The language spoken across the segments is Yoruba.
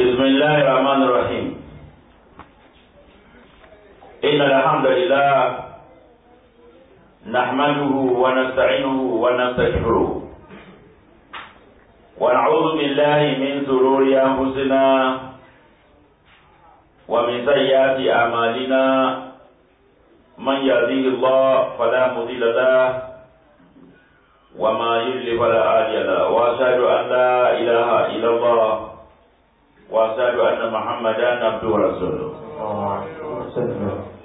بسم الله الرحمن الرحيم إن الحمد لله نحمده ونستعينه ونستغفره ونعوذ بالله من شرور أنفسنا ومن سيئات أعمالنا من يهديه الله فلا مضل له وما يضلل فلا هادي له وأشهد أن لا إله إلا الله وأشهد أن محمدا عبده ورسوله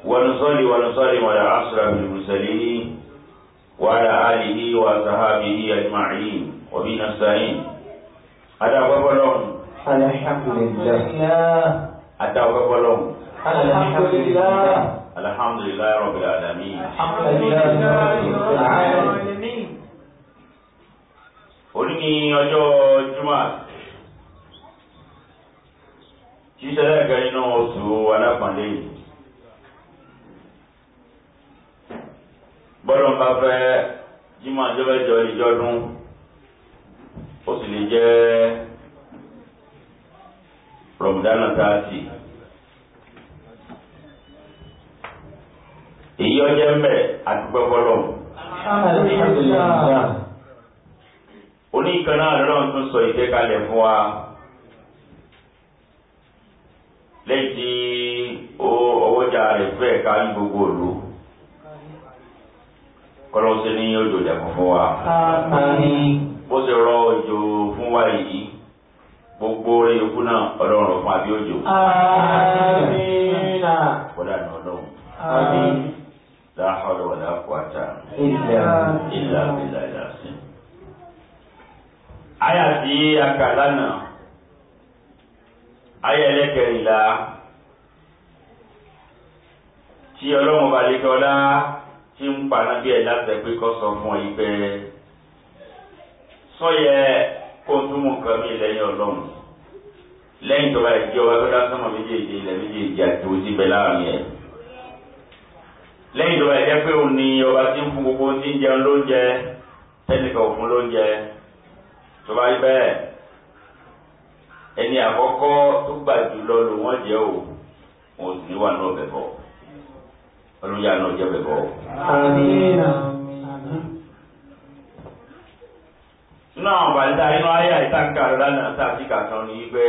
ونصلي ونسلم على أشرف المرسلين وعلى آله وصحابه أجمعين وبه نستعين أدعو بابلون الحمد لله أدعو بابلون الحمد لله الحمد لله رب العالمين الحمد لله رب العالمين قل لي يا جماعه tí ìṣẹ̀lẹ̀ kan nínú oṣù alápọ̀nlé yìí. bọ́lọ̀ ń bá fẹ́ jímọ̀ àjọbẹ́jọ ìjọdún ó sì lè jẹ́ rọ̀mùdánà táàtì. èyí ọjọ́ ń bẹ̀ àdúpẹ́ bọ́lọ̀. oníkan náà lọ́rùn tún sọ ìgbékalẹ̀ fún wa. eléyìí tí ọwọ́jà rẹ̀ fẹ́ kárí gbogbo òlu kọlọ́sẹ̀ ní òjò dẹ̀kun fún wa. bó ṣe rọ òjò fún wa yìí gbogbo yòókù náà ọlọ́run fún àbí òjò. kódà ní ọlọ́run. la hawla wala quwwata illa billah ìlàsìn. àyà tí a kà lánàá ayẹlẹ kẹrìnlá tí ọlọ́run ọba lè kọ́lá tí ń pa náà bí ẹ láti ẹ pé kọ́ sọ fún ọ yìí pé sọ́yẹ kó tún mú nǹkan mi lẹ́yìn ọlọ́run lẹ́yìn tó bá yẹ kí ọba tó dá sọ́mọ méjèèjì ilẹ̀ méjèèjì àti ojú ibẹ̀ láàrin ẹ̀ lẹ́yìn tó bá yẹ jẹ́ pé òun ni ọba tí ń fún gbogbo tí ń jẹun lóúnjẹ tẹ́nìkan òfun lóúnjẹ tó bá yí bẹ́ẹ̀ ẹni àkọ́kọ́ tó gbà jùlọ ló wọ́n jẹ́ o wọn ò sì ní wà náà bẹ̀ bọ̀ ọlọ́yà náà jẹ́ bẹ̀ bọ̀ o. nínú àwọn àbàlítà inú ayé àìtàǹkà lọ́nà tàbí kàkan ní pé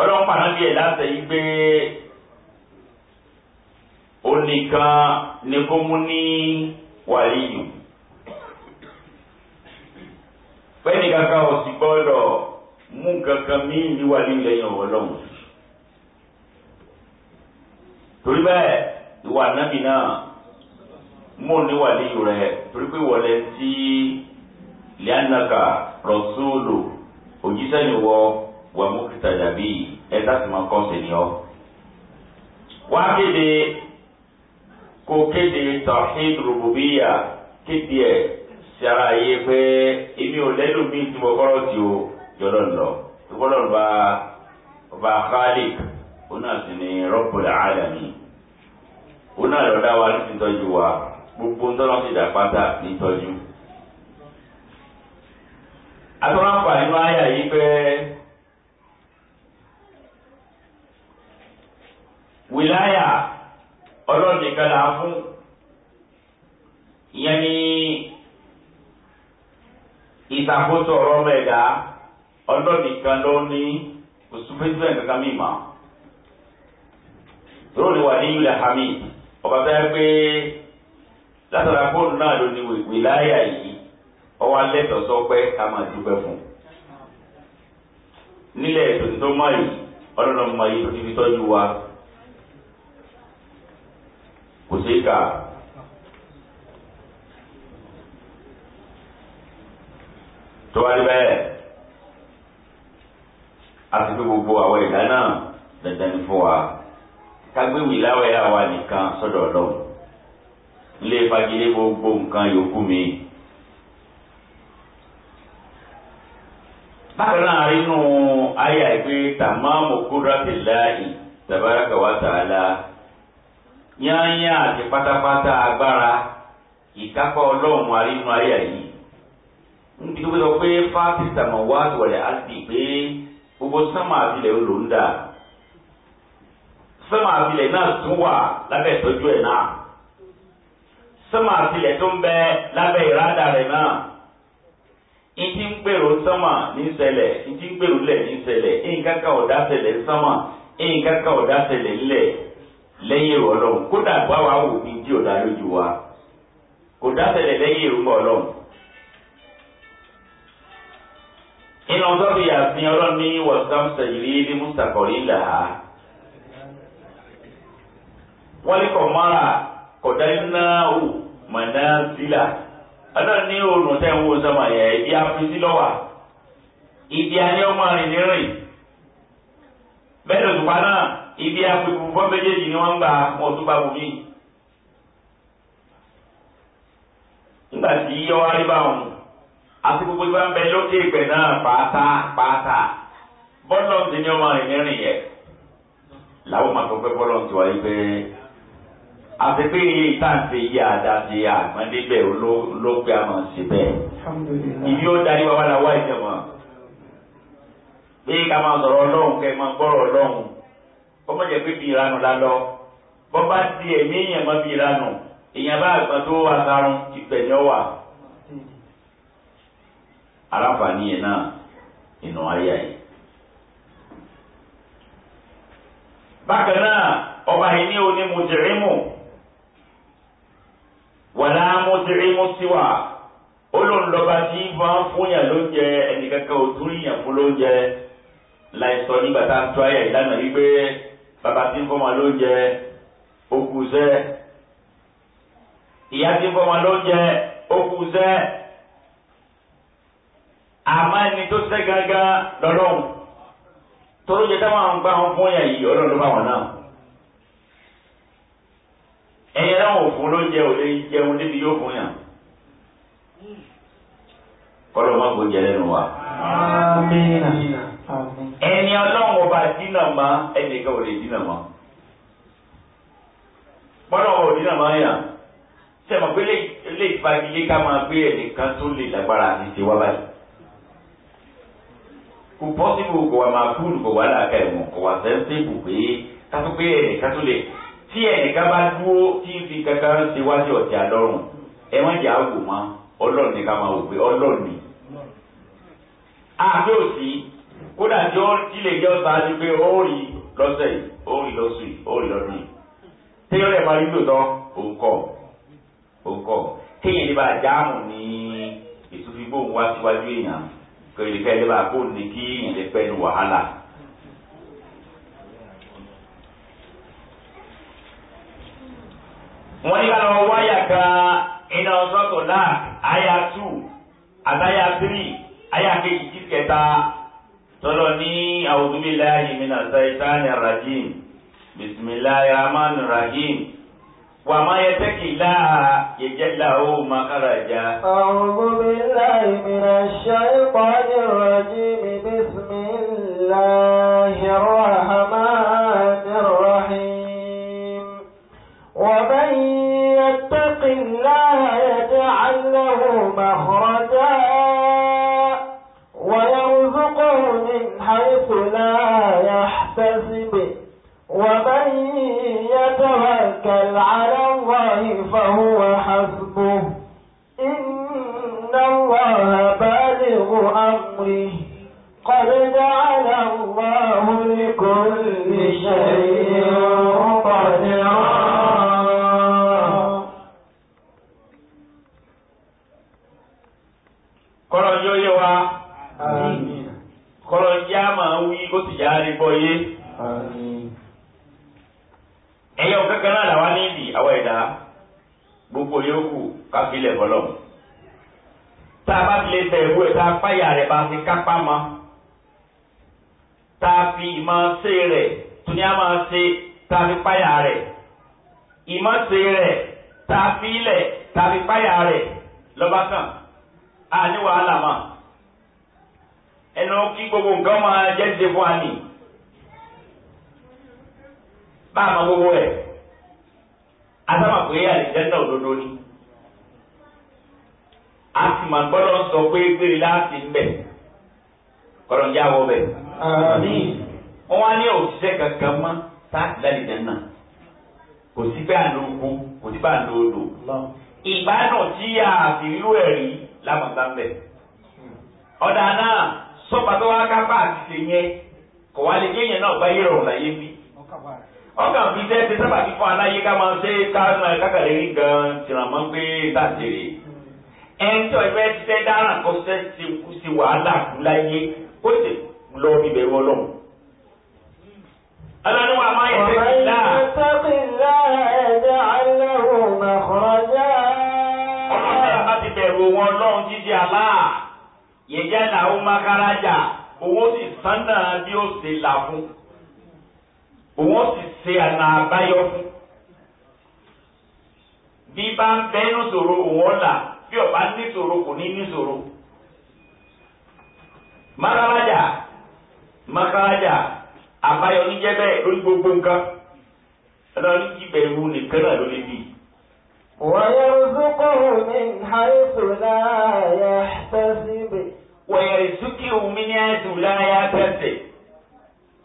ọlọ́run pàná bí ẹ̀ láti yí pé onìkan ni kó mú ní wàlíyù. pẹ́ẹ́nì kankan ò sì gbọ́dọ̀ mú kankan míì níwà nílẹ̀ yẹn ọlọ́run. torí bẹ́ẹ̀ ìwà nábì náà mú níwà níyù rẹ̀ torí pé wọlé tí lianaka rọ̀ṣúlù òjíṣẹ́ ìwọ wàmúkìtà dàbí ẹ̀dá sì máa kọ́ sí ni ọ́. wá kéde kó kéde tawhid rububiyya kéde ẹ̀ ṣàlàyé pé èmi ò lẹ́nu mi tí mo kọ́rọ̀ tí o jọlọ lọ ìgbọ́dọ̀ bá ọba khalik òun náà sì ni Rabbul Alamin òun náà lọ́dá wa ní títọ́jú wa gbogbo ńtọ́nà sì dà pátá nítọ́jú. àtọ́nà ń pa nínú àyà yìí pé wìláyà ọlọ́ọ̀nìkan là ń ìyẹn ni ìṣàkóso ọ̀rọ̀ ọmọ ẹ̀dá ọlọ́nìkan ló ní òṣùpẹ́sìmẹ̀ kankan mi mọ́. róòlù wà ní yúlẹ̀ hamid ọba tó yẹ pé látara fóònù náà ló ní wìláyà yìí ọwọ́ alẹ́ tọ̀sọ́ pé ká máa dúpẹ́ fún un. nílẹ̀ ètò tó mọ̀ yìí ọlọ́run ọmọ yìí tó ti fi tọ́jú wa kò ṣeé kà á. tó wá rí bẹ́ẹ̀ àti pé gbogbo àwọn ìdá náà dandan fún wa kágbéwì láwẹ̀ àwa nìkan sọ́dọ̀ ọlọ́run ilé fagilé gbogbo nǹkan yòókù mi. bákan náà nínú àyà ìpè tàmáàmù kudratillahi tabaraka wa ta'ala yányá àti pátápátá agbára ìkápá ọlọ́run arínú àyà yìí níbi tó gbẹdọ̀ pé fáàtì sàmà wá wọlé àti pé gbogbo sàmà àfilẹ̀ ló ń dà sàmà àfilẹ̀ náà tún wà lábẹ́ ìtọ́jú ẹ̀ náà sàmà àfilẹ̀ tó ń bẹ lábẹ́ ìrádà rẹ̀ náà ìdí ń gbèrò sàmà ní ṣẹlẹ̀ ìdí ń gbèrò lẹ̀ ní ṣẹlẹ̀ nǹkan kan ọ̀dà ṣẹlẹ̀ sàmà nǹkan kan ọ̀dà ṣẹlẹ̀ ńlẹ̀ lẹ́yìn ìrọ̀ kódà báwa wò ní tí ọ̀dà lójú wa kò dá ṣẹlẹ̀ lẹ́yìn ìrúmọ̀ ọlọ́run. nínú sọ́ọ̀tù yàtìn ọlọ́run ní wọ̀sán sẹ̀yìrì ní mùsàkọ̀rí là á. wọ́n ní kọ̀mọ́ra kọ̀dá iná ò mọ̀nà sílà ọlọ́run ní oòrùn tẹ́ ń wo sọmọ yẹ ibi afisí lọ́wà ibi ayé ọmọ rìn ní rìn bẹ́ẹ̀ lọ́sùpá náà ibi afikun fọ́ méjèèjì ni wọ́n ń gbà wọ́n tún bá bùnmí. nígbà tí yíyọ wá rí báwọn àti gbogbo ìgbà ń bẹ lókè ìpè náà pátá pátá bọ́lọ̀ ti ní ọmọ rìn nírìn yẹn làwọn máa gbọ́ pé bọ́lọ̀ ti wáyé pé àti pé iye ìtàǹtì iye àdáṣe àgbọ̀ndébẹ̀ ló pé a máa ṣe bẹ́ẹ̀ ìbí ó darí wa wá la wá ìjọba pé ká máa sọ̀rọ̀ ọlọ́run kẹ́ máa gbọ́rọ̀ ọlọ́run kọ́mọ jẹ́ pé bí ìranù la lọ bọ́ bá di ẹ̀mí èèyàn mọ́ bí ìranù èèyàn bá àgbà aráfààní yẹn náà ìnà ayé yìí. bákan náà ọba yìí ní oní mùjìrìmù wàlá mùjìrìmù síwà olóńlọba tí wọn fún yàn lóúnjẹ ẹnìkankan ò tún yàn fún lóúnjẹ láìsọ nígbà tá a tó ayé ìlànà wípé bàbá tí ń fọmọ lóúnjẹ ó kù sẹ ìyá tí ń fọmọ lóúnjẹ ó kù sẹ àmọ́ ẹni tó ṣe gangan lọ́lọ́run tóró jẹ táwọn àwọn gbà wọn fún yàn yìí ọlọ́run ló bá wọn náà ẹ̀yẹ náà ò fún ló jẹ ò lè jẹun níbi yóò fún yàn kọ́lọ́ má kó jẹ lẹ́nu wa. ẹni ọlọ́run ọba dínà mọ́ ẹnìkan ò lè dínà mọ́ bọ́lá ọba ò dínà mọ́ yàn sẹ́mi pé lè ká máa gbé ẹnìkan tó lè lágbára àti tiwa báyìí kò pọ́sibú kò wà máa kúlù kò wà láàka ẹ̀wọ̀n kò wà sẹ́ńtébù pé kátó pé ẹnìkan tó lè tí ẹnìkan bá dúró tí fi kankan ṣe wájú ọ̀tí àlọ́run ẹ má jà wò mọ́ ọlọ́run ni ká máa wò pé ọlọ́run ni. àbí òsì kódà tí ó ilé ìjọ sáájú pé ó rí lọ́sẹ̀ yìí ó rí lọ́sù yìí ó rí lọ́dún yìí téèyàn lè máa rí lòótọ́ òun kọ̀ òun kọ̀ téèyàn lè máa jáàmù ní wá síwájú èèyàn kèrè kẹ́ ẹ lè bá kó ní kí èèyàn lè pẹ́ nu wàhálà. wọ́n ní ká lọ wáyà kan iná sọ́tò náà àyà two àtàyà three àyà kejì tí kẹta tọ́lọ ní a'udhu billahi minash shaitani rajim bismillahir rahmanir rahim. وما يتق الله يجعل له مخرجا أعوذ بالله من الشيطان الرجيم بسم الله الرحمن الرحيم ومن يتق الله يجعل له مخرجا ويرزقه من حيث لا يحتسب ومن يتوكل على الله فهو حسبه إن الله بالغ أمره قد جعل الله لكل شيء قدرا kọ́rọ̀ yóò yẹ wa kọ́rọ̀ yá máa ń wí kó sì yá bọ́ yé ẹyọ kankan náà làwọn níbi àwọn ẹ̀dá gbogbo yòókù káfílẹ̀ bọ́lọ̀ tá a bá tilẹ̀ bẹ̀rù ẹ̀ tá a páyà rẹ̀ bá fi kápá mọ́ tá a fi ìmọ̀ ṣe rẹ̀ tó a máa ṣe tá a fi páyà rẹ̀ ìmọ̀ ṣe rẹ̀ tá a fi ilẹ̀ tá a fi páyà rẹ̀ lọ́ba kan a ní wàhálà mọ́ ẹnu kí gbogbo nǹkan máa jẹ́ ṣe fún wa nìyí bá a ma gbogbo rẹ̀ asámà pé àlìjẹ́ndà òdodo ni a sì máa gbọ́dọ̀ sọ pé gbére láti ń bẹ̀ kọ́dọ̀ ń yá wọ bẹ̀. wọ́n wá ní òṣìṣẹ́ kankan mọ́ táàtì lálìjẹ́ndà kò sí pé àlòkù kò sí pé àlòlò ìgbádùn tí a fi rú ẹ̀rí lámàgbá ń bẹ̀. ọ̀dà náà sọ́pàá tó wá ká bá àti ṣe yẹn kò wá lè gé yẹn náà bá yẹ̀rọ̀ láyé bí ọkàn fi tẹ́ ṣe sábà fi fún aláyé ká máa ṣe ká máa kákàlẹ́ ní gan tìrànmọ́ pé tàṣírí ẹni tí ọ̀fẹ́ ti tẹ́ dáràn kó ṣe ṣe wàhálà kú láyé ó sì lọ bíbẹ̀ wọ́ lọ́hùn. ọlọ́run wa máa yẹ sẹ́yìn náà. ọ̀rọ̀ ìtọ́kùn lára ẹ̀dá aláwọ̀ màkọ́rọ́jà. ọlọ́run bá ti bẹ̀rù wọn lọ́hùn jíjẹ àlá yẹ̀yẹ́ làwọn makarajà òun sì sánà bí ó ṣe là fún òun sì ṣe àná àbáyọ bí bá ń bẹ inú ṣòro òun ọ̀la bí ọba ní ṣòro kò ní ní ṣòro makaraja makaraja àbáyọ níjẹ bẹ́ẹ̀ lórí gbogbo nǹkan Ọlọ́run jí bẹ̀rù nìkan náà lórí bíi. ويرزقه من حيث لا يحتسب ويرزقه من حيث لا يحتسب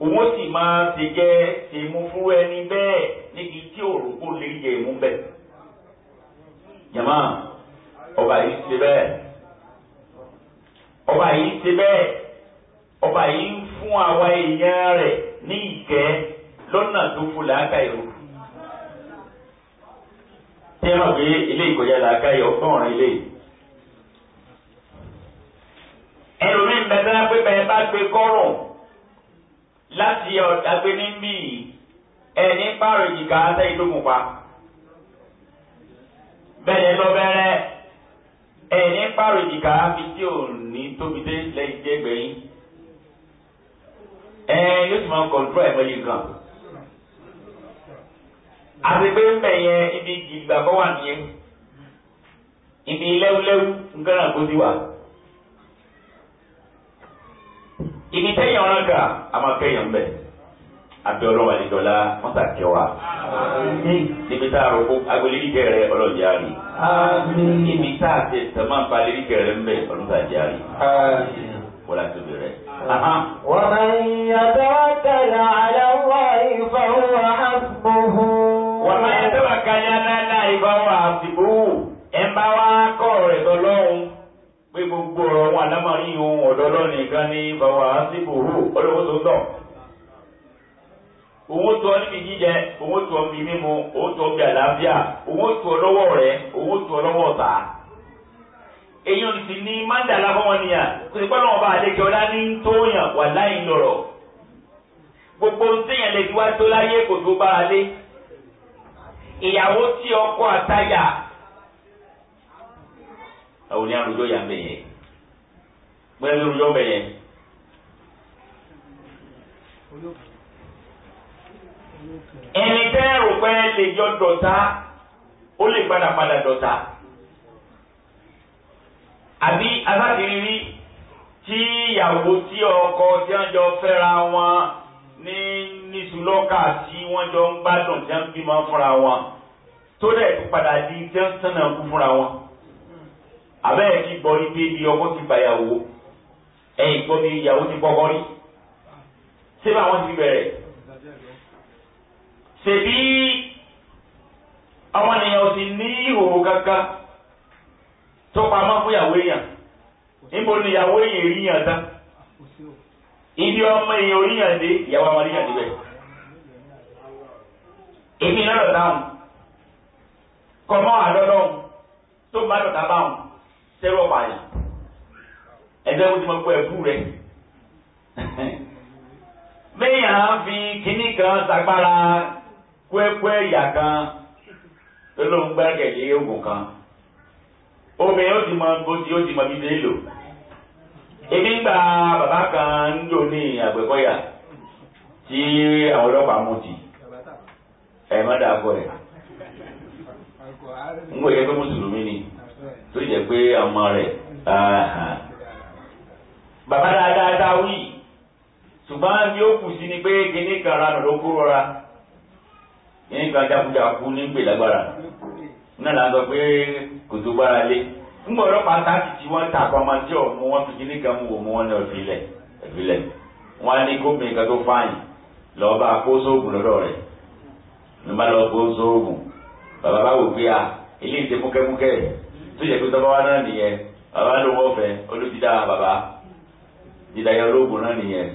òun sì máa ṣe jẹ tèmú fún ẹni bẹ́ẹ̀ níbi tí òrùkó lè jẹ ìmú bẹ́ẹ̀. jama ọba yìí ṣe bẹ́ẹ̀ ọba yìí ṣe bẹ́ẹ̀ ọba yìí ń fún àwa èèyàn rẹ̀ ní ìkẹ́ lọ́nà tó fún làákà ìrù. tí ẹ mọ̀ pé ilé ìkọjá làákà yọ ọgọ́rùn-ún ilé yìí. ẹlòmíín bẹ́ẹ̀ bá gbé bẹ́ẹ̀ bá gbé kọ́rùn-ún. láti ọ̀dàgbé níbí ẹni pààrọ̀ ìjìká sẹ́yìn tó kùn pa. bẹ́ẹ̀ lọ bẹ̀rẹ̀ ẹni pààrọ̀ ìjìká fi tí ò ní tóbi dé lẹ́yìn jẹ́ gbẹ̀yìn. ẹ yóò sì máa kọ̀ǹtúrọ̀ ẹ̀ mọ́lẹ̀ gan. àti pé ń bẹ̀ yẹn ibi ìgbàgbọ́ wà nìyẹn ibi lẹ́wúlẹ́wú nǹkan náà kó ti wà. ibi tẹ́yìn ọ̀ràn kan a máa kẹ́yìn bẹ́ẹ̀ àbí ọlọ́wà níjọlá wọ́n sà kẹ́ wa. níbi tá a rò kó agbélérìkẹ́ rẹ ọlọ́jà rí. níbi tá a ti tẹ̀ máa ń pa lérìkẹ́ rẹ ń bẹ̀ ọlọ́jà rí. wọ́lá tó bẹ̀rẹ̀. ومن يتوكل على الله فهو حسبه ومن يتوكل على الله فهو حسبه ẹ̀ ń bá wa kọ́ ọ̀rẹ́ tọ́lọ́hún. pé gbogbo ọ̀rọ̀ wọn àlámàrí ohun ọ̀dọ́ lọ́nà nìkan ní bàwà síbò hù ọlọ́wọ́ tó ń tọ̀. òun tó ọ níbi jíjẹ òun tó ọ bí mímu tó ọ bí àlàáfíà òun tó ọ lọ́wọ́ rẹ tó ọ lọ́wọ́ ọ̀tá. èyí sì ọba ọlá ní tóyàn wà láì gbogbo lè wá tó láyé kò tó bára ọkọ àwọn ní arúgbó yà ń bẹ̀ yẹn bóyá bí arúgbó ń bẹ̀ yẹn. ẹni tẹ́ rò pé lè jọ dọ̀tá ó lè padà padà dọ̀tá àbí abákirirí tí ìyàwó tí ọkọ tí wọ́n jọ fẹ́ra wọn ní nísùlọ́kà tí wọ́n jọ ń gbádùn tí wọ́n bímọ fúnra wọn tó dẹ̀ tó padà di tí wọ́n sànà kú fúnra wọn abẹ́rẹ́ ti gbọ́ ní pé bí ọkọ ti gbàyàwó ẹ̀yìn gbọ́ bí ìyàwó ti kọ́kọ́ rí ṣé bá wọn ti bẹ̀rẹ̀ ṣèbí ọmọnìyàn ti ní ìhòòhò kankan tó pamọ́ fún ìyàwó èèyàn níbo ni ìyàwó èèyàn rí yàn dá ibi ọmọ èèyàn oríyàn dé ìyàwó ọmọ oríyàn dé bẹ́ẹ̀ èmi náà lọ dáhùn kọ́mọ́ àlọ́lọ́hùn tó bá lọ́ta báhùn. sẹ́rọ̀ pààyàn Ebe mo ti mọ pé ẹ̀kú rẹ̀ méèyàn fi kínní kan sagbára kúẹ́kúẹ́ ìyà kan lọ́lọ́run gbẹ́rẹ́kẹ̀lé oògùn kan obìnrin ó ti mọ bóti ó ti mọ bíbí èlò èmi gba bàbá kan ń ní tí àwọn mú ti má tó yẹ pé ọmọ rẹ̀ bàbá dáadáa dá wí ṣùgbọ́n yóò kù sí ni pé kíní kan ranù ló kúrò ra kíní kan jákujáku nígbè lágbára náà la sọ pé kòtò gbára lé ńgbọ́dọ̀ pàtàkì tí wọ́n ta pamọ́ tí ò mú wọn fi kíní kan mú wò mú wọn ní ọ̀fìlẹ̀ ọ̀fìlẹ̀ wọn ní gómìnà kan tó fáyìn lọ́ọ́ bá kó sóògùn lọ́dọ̀ rẹ̀ bá lọ́ọ́ kó sóògùn bàbá bá wò pé à tó yẹ pé tọ́ba wa náà nìyẹn bàbá ló wọ́ fẹ́ olùdídá bàbá dídáyà olóògùn náà nìyẹn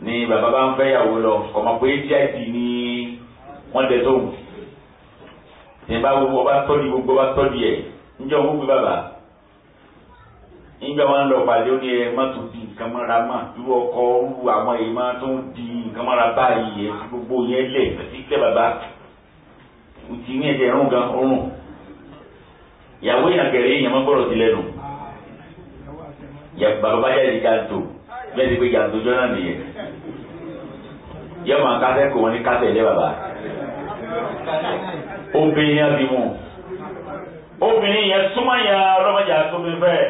ni bàbá bá ń fẹ́yàwó lọ kọ̀mọ̀ pé hiv ni wọ́n tẹ tóun ìyẹnba gbogbo ọba tọ́jú gbogbo ọba tọ́jú ẹ̀ níjọ́ wọn gbé bàbá níjọ́ wọn lọ pàdé ó ní ẹ má tún di nǹkan mọ́ra mà irú ọkọ rú àwọn èyí má tún di nǹkan mọ́ra báyìí ẹ gbogbo yẹn lẹ̀ títí tẹ bàbá ìtì ní ẹ̀jẹ̀ rún gan ọrùn ìyàwó yàn kẹrẹ yẹn máa gbọ́dọ̀ sí lẹ́nu bàbá bá yà di jàǹtò bẹ́ẹ̀ ti pé jàǹtò jọ́nà nìyẹn yẹ́n máa kásẹ̀ kó wọn ní kásẹ̀ ilé bàbá obìnrin yẹn bí mu obìnrin yẹn súnmọ́ yẹn ọlọ́mọdé àtúntò bẹ́ẹ̀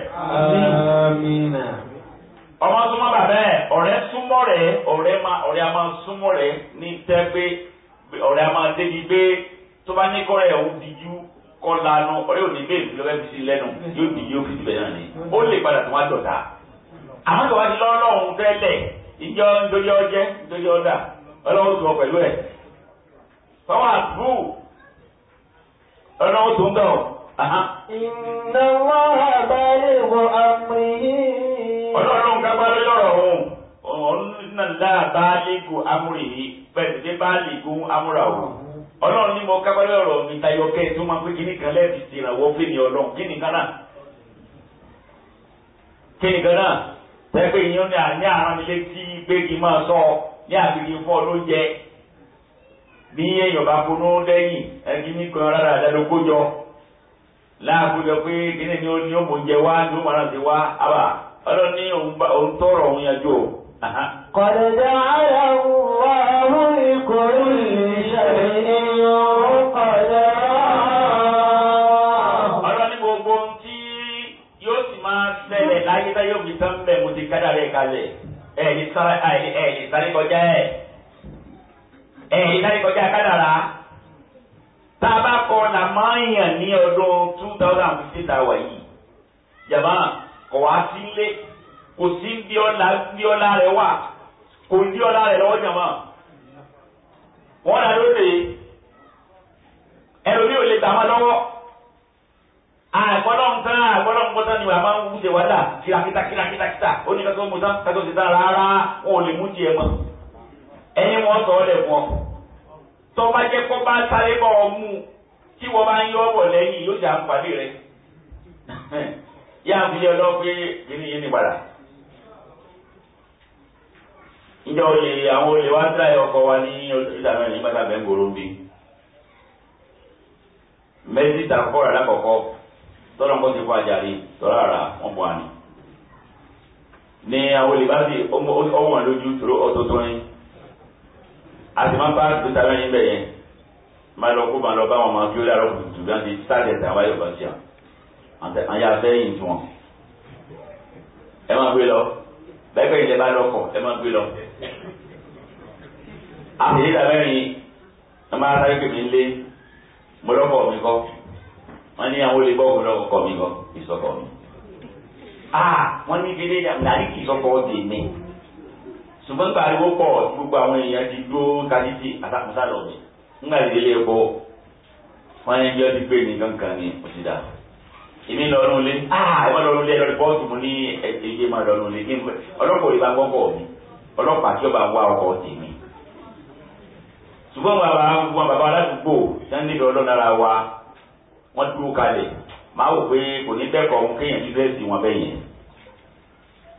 ọmọ súnmọ́ bàbá ẹ̀ ọ̀rẹ́ súnmọ́ rẹ̀ ọ̀rẹ́ máa ọ̀rẹ́ a máa súnmọ́ rẹ̀ ní tẹ́ pé ọ̀rẹ́ a máa débi pé tó bá kọ́ lanu ọ̀rẹ́ òní bẹ́ẹ̀ fi lọ́wọ́ fi lẹ́nu yóò di yóò fi tibẹ̀ náà ni ó lè padà tó wá dọ̀tà àmọ́ tó wá di lọ́lọ́run tẹ́lẹ̀ ìjọ ńdójọ́ jẹ́ ńdójọ́ dà ọlọ́run tó wọ pẹ̀lú ẹ̀ fọwọ́ àbú ọlọ́run tó ń gbà ọ́. Inna Allaha baligh amrihi. ọlọ́run kápá lórí ọ̀rọ̀ òun ọ̀run náà láà baligh amrihi bẹ́ẹ̀ ti dé baligh amúra òun ọlọ́run ní mo kábàlẹ́ ọ̀rọ̀ mi tayọ kẹ́ tó máa pé kíní kan lẹ́ẹ̀fi ti ìrànwọ́ fún mi ọlọ́run kíní kan náà kíní kan náà tẹ́gbẹ́ ìyẹn ní àní ara mi létí pé máa sọ ní àgbègbè fún ọ lóúnjẹ bí èèyàn bá fonú lẹ́yìn ẹni ní kan rárá àdádó kójọ láàkójọ pé kíní ni ó ní ó mò jẹ wá ni ó màrán ti wá àbà ọlọ́run ní òun tọrọ òun yanjú o. قد جعله الله لكل شيء قَلَا Ọlọ́run ní gbogbo ohun tí yóò sì máa ṣẹlẹ̀ láyé táyé òbí tán bẹ̀ mo ti kádà rẹ̀ kalẹ̀. Ẹ̀ẹ̀lì sáré kọjá ẹ̀. Ẹ̀ẹ̀lì sáré kádàrá. Tá a bá kọ làmáyàn ní ọdún two thousand fifteen tá a wà yìí. Jàmá kọ̀ wá sílé. Kò sí bí ọlá rẹ̀ wà. Kò ní ọlá rẹ̀ lọ́wọ́ jàmá. Wọ́n dá lóde ẹlòmí ò lè gbà má lọ́wọ́ àgbọ̀dọ̀ nǹkan àgbọ̀dọ̀ nǹkan ni wàá máa ń wúlò wàdà kìràkìtà kìràkìtà ó ní kátó mọ̀tán kátó ti tán rárá wọn ò lè mú tiẹ̀ mọ́ ẹ̀yin wọn sọ ọ́ lẹ̀ fún ọ tó bá jẹ́ kó bá sáré bọ̀ ọ mú tí wọ́n bá ń yọ ọ̀bọ̀ lẹ́yìn yóò jà ń pàdé rẹ̀ yá àbílẹ̀ ọlọ́pẹ́ yìnyín ní padà ìjọ olè àwọn olè wá dá ọkọ̀ wa ní ìdàmẹ́rin bàtà bẹ́ńgòrò bíi. mẹ́sítà kọ́ra lákọ̀ọ́kọ́ tọ́lọ́ nǹkan ti kọ́ àjàre tọ́lá ara wọn bọ̀ ni. ní àwọn olùbáṣe ọwọ́n lójú tòró ọ̀tọ̀tọ̀ yẹn àti máa bá gbèsè àwọn yẹn bẹ̀ yẹn máa lọ kó máa lọ bá wọn máa kí ó lárọ̀ kùtù bí wọ́n ti sáàdì ẹ̀sẹ̀ àwọn ayọ̀bá sí àyà sẹ́yìn tí wọn. ẹ máa gbé lọ bẹ́ẹ̀ bẹ́ẹ̀ ẹ máa gbé lọ. mẹ́rin ẹ máa sáré mo lọ́kọ̀ mi kọ́ wọ́n ní àwọn olè bọ́ọ̀mù lọ́kọ̀ mi kọ́ ìsọkọ̀ mi. wọ́n ní kéde làrí kì í sọkọ̀ ọ̀dẹ̀ mi ṣùgbọ́n nípa ariwo pọ̀ gbogbo àwọn èèyàn ti dúró kadìsí àtàkùnsá lọ mi ńgbà ìdílé bọ̀ wọ́n ní bí wọ́n ti pè ní kankan ní òṣìdá èmi lọ́rùn lé ẹ má lọ́rùn lé lọ́rùn bọ́ọ̀tù mo ní ẹ̀ẹ́dẹ́gbẹ́ má lọ́rùn lé ọlọ́pàá ò lè bá gbọ́kọ̀ mi ọlọ́pàá tí ó bá wá ọkọ̀ tèmi ṣùgbọ́n bàbá wọn bàbá aládùúgbò sẹ́ni níbi ọlọ́nara wa wọ́n dúró kalẹ̀ máa wò pé kò ní bẹ́ẹ̀ kọ́ ohun kéèyàn ti dẹ́sì wọn bẹ́ẹ̀ yẹn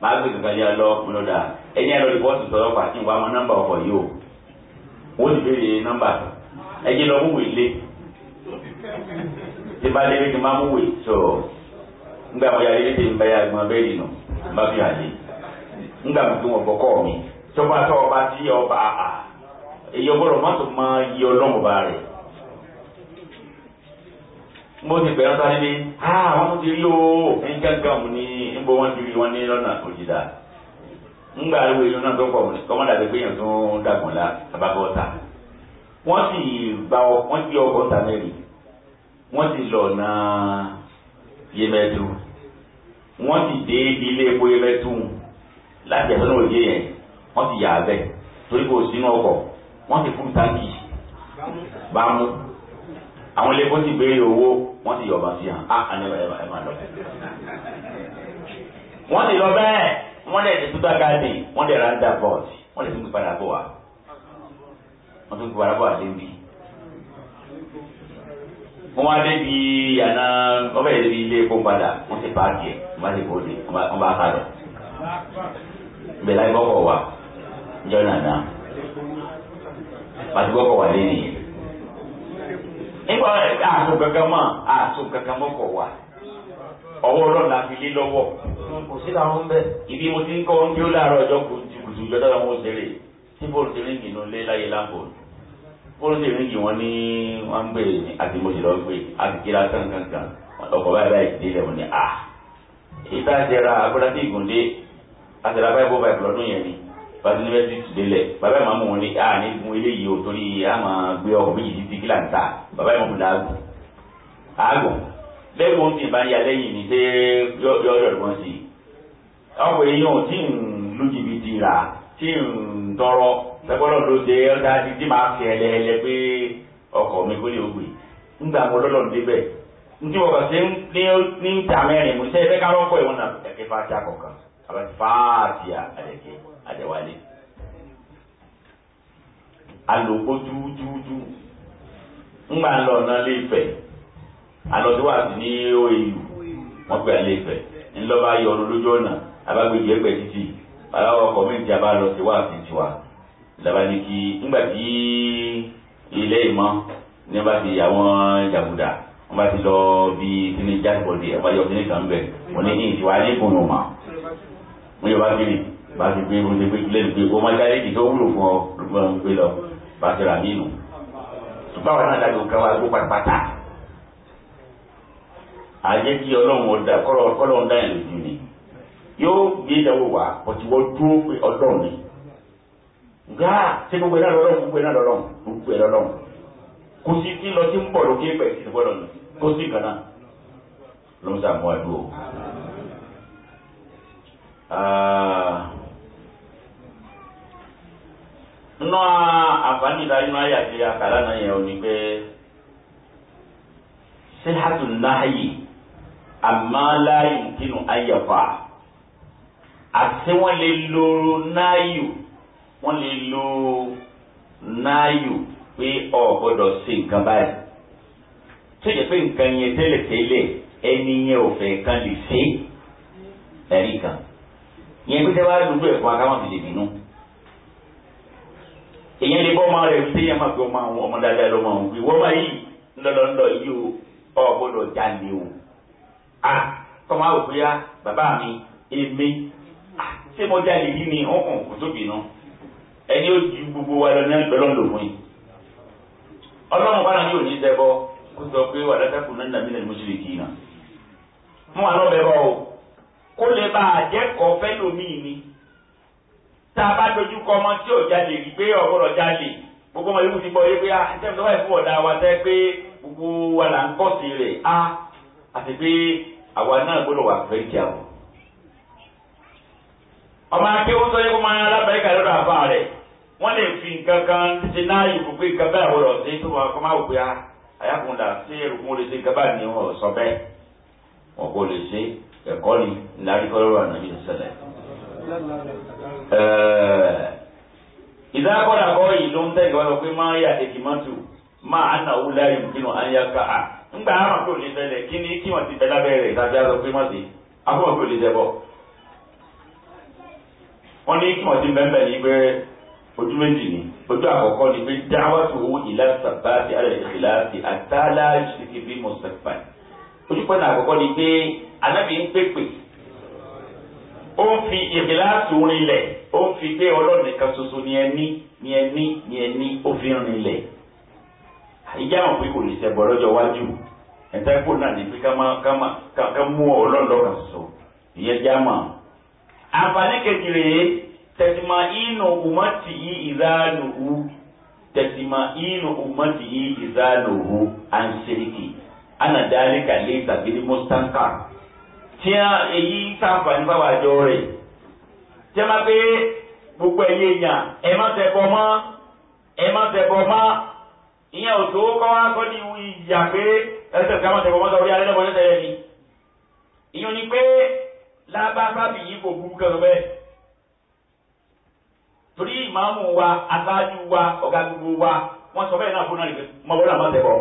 máa gbé kankan yẹn lọ múlọ́dà ẹni àlọ́ rìpọ́ọ̀tù sọ̀rọ̀ pàtí wa mọ nọ́mbà ọkọ̀ yìí o wọ́n ti béèrè nọ́mbà ẹ̀jẹ̀ lọ múwèé lé tí bá lé kí n má múwèé sọ̀rọ̀ ńgbà mo yà lédè ń bá yà gbọ́n èyàn gbọ́dọ̀ má tún máa yí ọlọ́run ọba rẹ̀ mo ti bẹ̀rẹ̀ sáré ní àwọn tó ti rí o ní gángan mu ní níbo wọn ti rí wọn ní lọ́nà òjìdá ńgbà ìwé ìlú náà tó pọ̀ mu ní kọ́mọ́ dàbí pé èèyàn tó ń dàgbọ̀n la abábọ̀ ọ̀tà wọ́n sì gba wọ́n gbé ọkọ̀ ọ̀tà mẹ́rin wọ́n sì lọ náà yẹmẹ́tù wọ́n sì dé ibi ilé epo yẹmẹ́tù láti ẹ̀sán náà òye yẹn wọ́n sì yà á bẹ̀ torí kò sínú ọkọ̀ wọ́n ti fún táǹkì bámu àwọn ilé bọ́sì béèrè owó wọ́n ti yọ̀bà sí hàn á àná ẹ̀rọ ẹ̀rọ lọ. wọ́n ti lọ bẹ́ẹ̀ wọ́n lè tètè gbàgbà dé wọ́n lè randa bọ́ọ̀sì wọ́n lè tún padà bọ̀ wá wọ́n tún padà bọ̀ wá débi. wọ́n wá débi àná wọ́n bẹ̀rẹ̀ débi ilé epo padà wọ́n ti paaki ẹ̀ wọ́n bá ti kó de wọ́n bá ká lọ. ìbẹ̀lẹ́ ayé bọ́kọ̀ wa ìjọ nàá náà pàtó kọ́kọ́ wà lé nìyẹn. nígbà àtún kankan mọ́ àtún kankan mọ́ kọ̀ wà ọwọ́ ọlọ́run la fi lé lọ́wọ́ kò sí làwọn bẹ́ẹ̀. ibi mo ti ń kọ́ ń bí ó láàárọ̀ ọjọ́ kùtùkùtù ìjọba wọn ó ṣeré tí bóòlù ti ríngì nù lé láyé láǹbòlù bóòlù ti ríngì wọn ní wọn ń gbé àti mo sì lọ gbé àti e. kíra kankankan ọkọ̀ báyìí báyìí ti dé lẹ́wọ̀n ni à ìta jẹra agbada tí ìgùn dé àtẹ̀lá báyìí bó báyìí lọ́dún yẹn ni pàtó yunifásitì délẹ̀ bàbá yìí máa mú wọn ní à ah, ní mú eléyìí o torí a máa gbé ọkọ̀ méjì títí kí là ń ta bàbá yìí máa mú làágùn àágùn bẹ́ẹ̀ mo ń tì bá ń ya lẹ́yìn ní pé yọ̀ọ́ yọ̀ọ́ sí ọkọ̀ èèyàn tí ń lu jìbìtì rà tí ń tọrọ lẹ́gbọ́dọ̀ ló dé ọ̀dà títí máa fi ẹlẹ́ẹ̀lẹ́ pé ọkọ̀ mi kó lè gbé ńgbà mo lọ́lọ́ débẹ̀ ntí mo bá ṣe ní ní mẹ́rin mo ṣe é ká lọ́kọ̀ ìwọ̀n náà ẹ̀kẹ́ fà á ti àkọ́kàn àdẹ̀kẹ́ àdẹ̀wálé alòpó túútúútú ńgbà ńlọ ọ̀nà lè fẹ̀ alọ́dúnwà sí ní OAU wọ́n gbé alẹ́ fẹ̀ ńlọ́ba yọ ọdún lójú ọ̀nà abágbèjì ẹgbẹ́ títì aláwọ̀ ọkọ̀ méjì abá lọ sí wà sí tiwa ìjọba ní kí ńgbà tí ilé ìmọ̀ ní wọ́n bá ti àwọn jàgùdà wọ́n bá ti lọ bí kíní jáde bọ̀dé ẹ̀ wọ́n bá yọ bẹ̀ wọ́n ní ìtìwá ní ìkùnú bá ti gbé bó ṣe gbé lẹ́nu gbé ọmọ ìdáyé kì í tó wúlò fún ọ lọ́gbọ́n ń gbé lọ bá ti rà nínú. ṣùgbọ́n àwọn náà dájọ́ káwá gbó pátápátá. àyè kí ọlọ́run ọ̀dà kọ́lọ́run dá ìlú jù ni yóò gbé ìdáwó wá ọ̀tíwọ́ dúró pé ọ̀dọ́ mi. gbá ṣé gbogbo iná lọ́rọ̀ gbogbo iná lọ́rọ̀ gbogbo iná lọ́rọ̀ kò sí tí lọ sí ń bọ̀ lókè pẹ̀ sí gbọ́dọ̀ ni kò sí kan náà ló ń sàmúwájú o nínú àǹfààní ìta inú ayé àti àkàlà náà yẹn ò ní pé sihatu nahayi amalayi nkinu ayafa àti wọn lè lo náyù wọn lè lo náyù pé ọ gbọ́dọ̀ ṣe nǹkan báyìí tó yẹ pé nǹkan yẹn tẹ́lẹ̀tẹ́lẹ̀ ẹni yẹn ò fẹ́ kan lè ṣe ẹ̀rí kan yẹn pé tẹ́ wá ẹ̀fọn akáwọn fi lè èyàn lè bọ́ ọmọ rẹ̀ ṣé ẹ má fi ọmọ àwọn ọmọ dáadáa lọ́mọ àwọn òbí wọ́n máa yìí ńlọlọ́lọ́ yìí o ọ gbọ́dọ̀ jáde o à kọ́mọ àwòkúyá bàbá mi èmi ṣé mo jáde yìí ni ọkàn kò tóbi nù ẹni ó ju gbogbo wa lọ ní lọ́lọ́dọ̀ fún yìí ọlọ́run bá yóò ní sẹ́bọ̀ kó sọ pé wà látàkùn náà nàmínà ni mo ṣe lè kì í nà mú àlọ́ bẹ́ẹ̀ bọ́ o kó lè bá àjẹkọ̀ọ́ fẹ́ lómi ni tá a bá dojú kọ ọmọ tí ò jáde rí pé ọ̀gbọ́dọ̀ jáde gbogbo ọmọ yòókù ti gbọ́ yé pé a ń tẹ́lẹ̀ tó báyìí fún ọ̀dà wa tẹ́ pé gbogbo wa là ń kọ́ sí rẹ̀ a ah, àti pé àwa náà gbọ́dọ̀ wà fẹ́ kí a wọ̀. ọmọ akéwọ́ sọ yẹ kó máa alábàáyíkà lọ́dọ̀ àbá rẹ̀ wọ́n lè fi nǹkan kan ṣe náà yòókù pé nǹkan bẹ́ẹ̀ wọ̀rọ̀ tó wọn kọ́ máa wò pé a ah, àyàkùnlà sí èrùkún lè ṣe nǹkan báyìí ni wọ́n sọ bẹ́ẹ̀ wọn kò lè ṣe ẹ̀kọ́ ni ńlá rí kọ́ àná Eh, ìdákọ̀dà kọ́ yìí ló ń tẹ̀lé wa lọ pé máa yà èkìmọ́tò máa á nà wúlá yìí kí wọn á yà ká a ńgbà á hàn tó lè tẹ̀lé kí ni kí wọn ti bẹ lábẹ́ rẹ̀ tàbí a lọ pé má sí afọ́n tó lè tẹ̀ bọ̀. wọ́n ní kí wọ́n ti bẹ́ẹ̀ bẹ́ẹ̀ ní pé ojú méjì ni ojú àkọ́kọ́ ni pé dáwọ́tò owó ìlà sàbáàtì alẹ́ ìlàsì àtàlà ìṣèkébí mọ̀sẹ̀fà ojú pẹ́ẹ́nà àkọ́kọ́ ni pé anábì ń pépè ó ń fi ìkìláàsì rinlẹ̀ ó ń fi pé ọlọ́run nìkan ṣoṣo ni ẹ ní ni ẹ ní ni ẹ ní ó fi rinlẹ̀ ìjà àwọn pé kò lè ṣẹbọ lọ́jọ́ iwájú ẹ̀ńtà ìpò náà ní pé ká má ká má ká mú ọlọ́run lọ́kàn ṣoṣo ìyẹn já mọ́ àǹfààní kejì rèé tẹ̀sìmọ̀ inú umati yìí ìdánùhù tẹ̀sìmọ̀ inú umati yìí ìdánùhù àǹṣeríkì ànàdálẹ́kà lè tàbí ní mọ́sítánká tí a èyí sàǹfààní fáwọn àjọ rẹ̀ tí a máa pé gbogbo ẹ̀yẹ èèyàn ẹ má tẹ̀bọ̀ mọ́ ẹ má tẹ̀bọ̀ mọ́ ìyẹn ò tó kọ́ wá kọ́ ní ìwú ìyà pé ẹsẹ̀ ká má tẹ̀bọ̀ mọ́ sọ̀rọ̀ alẹ́ lọ́mọ ní tẹ̀lé ni ìyẹn ni pé lábá sábì yìí kò burú kẹrọ bẹ́ẹ̀ torí ìmáàmù wa aṣáájú wa ọ̀gá gbogbo wa wọ́n sọ bẹ́ẹ̀ náà fún náà mọ̀ bọ́lá má tẹ̀bọ̀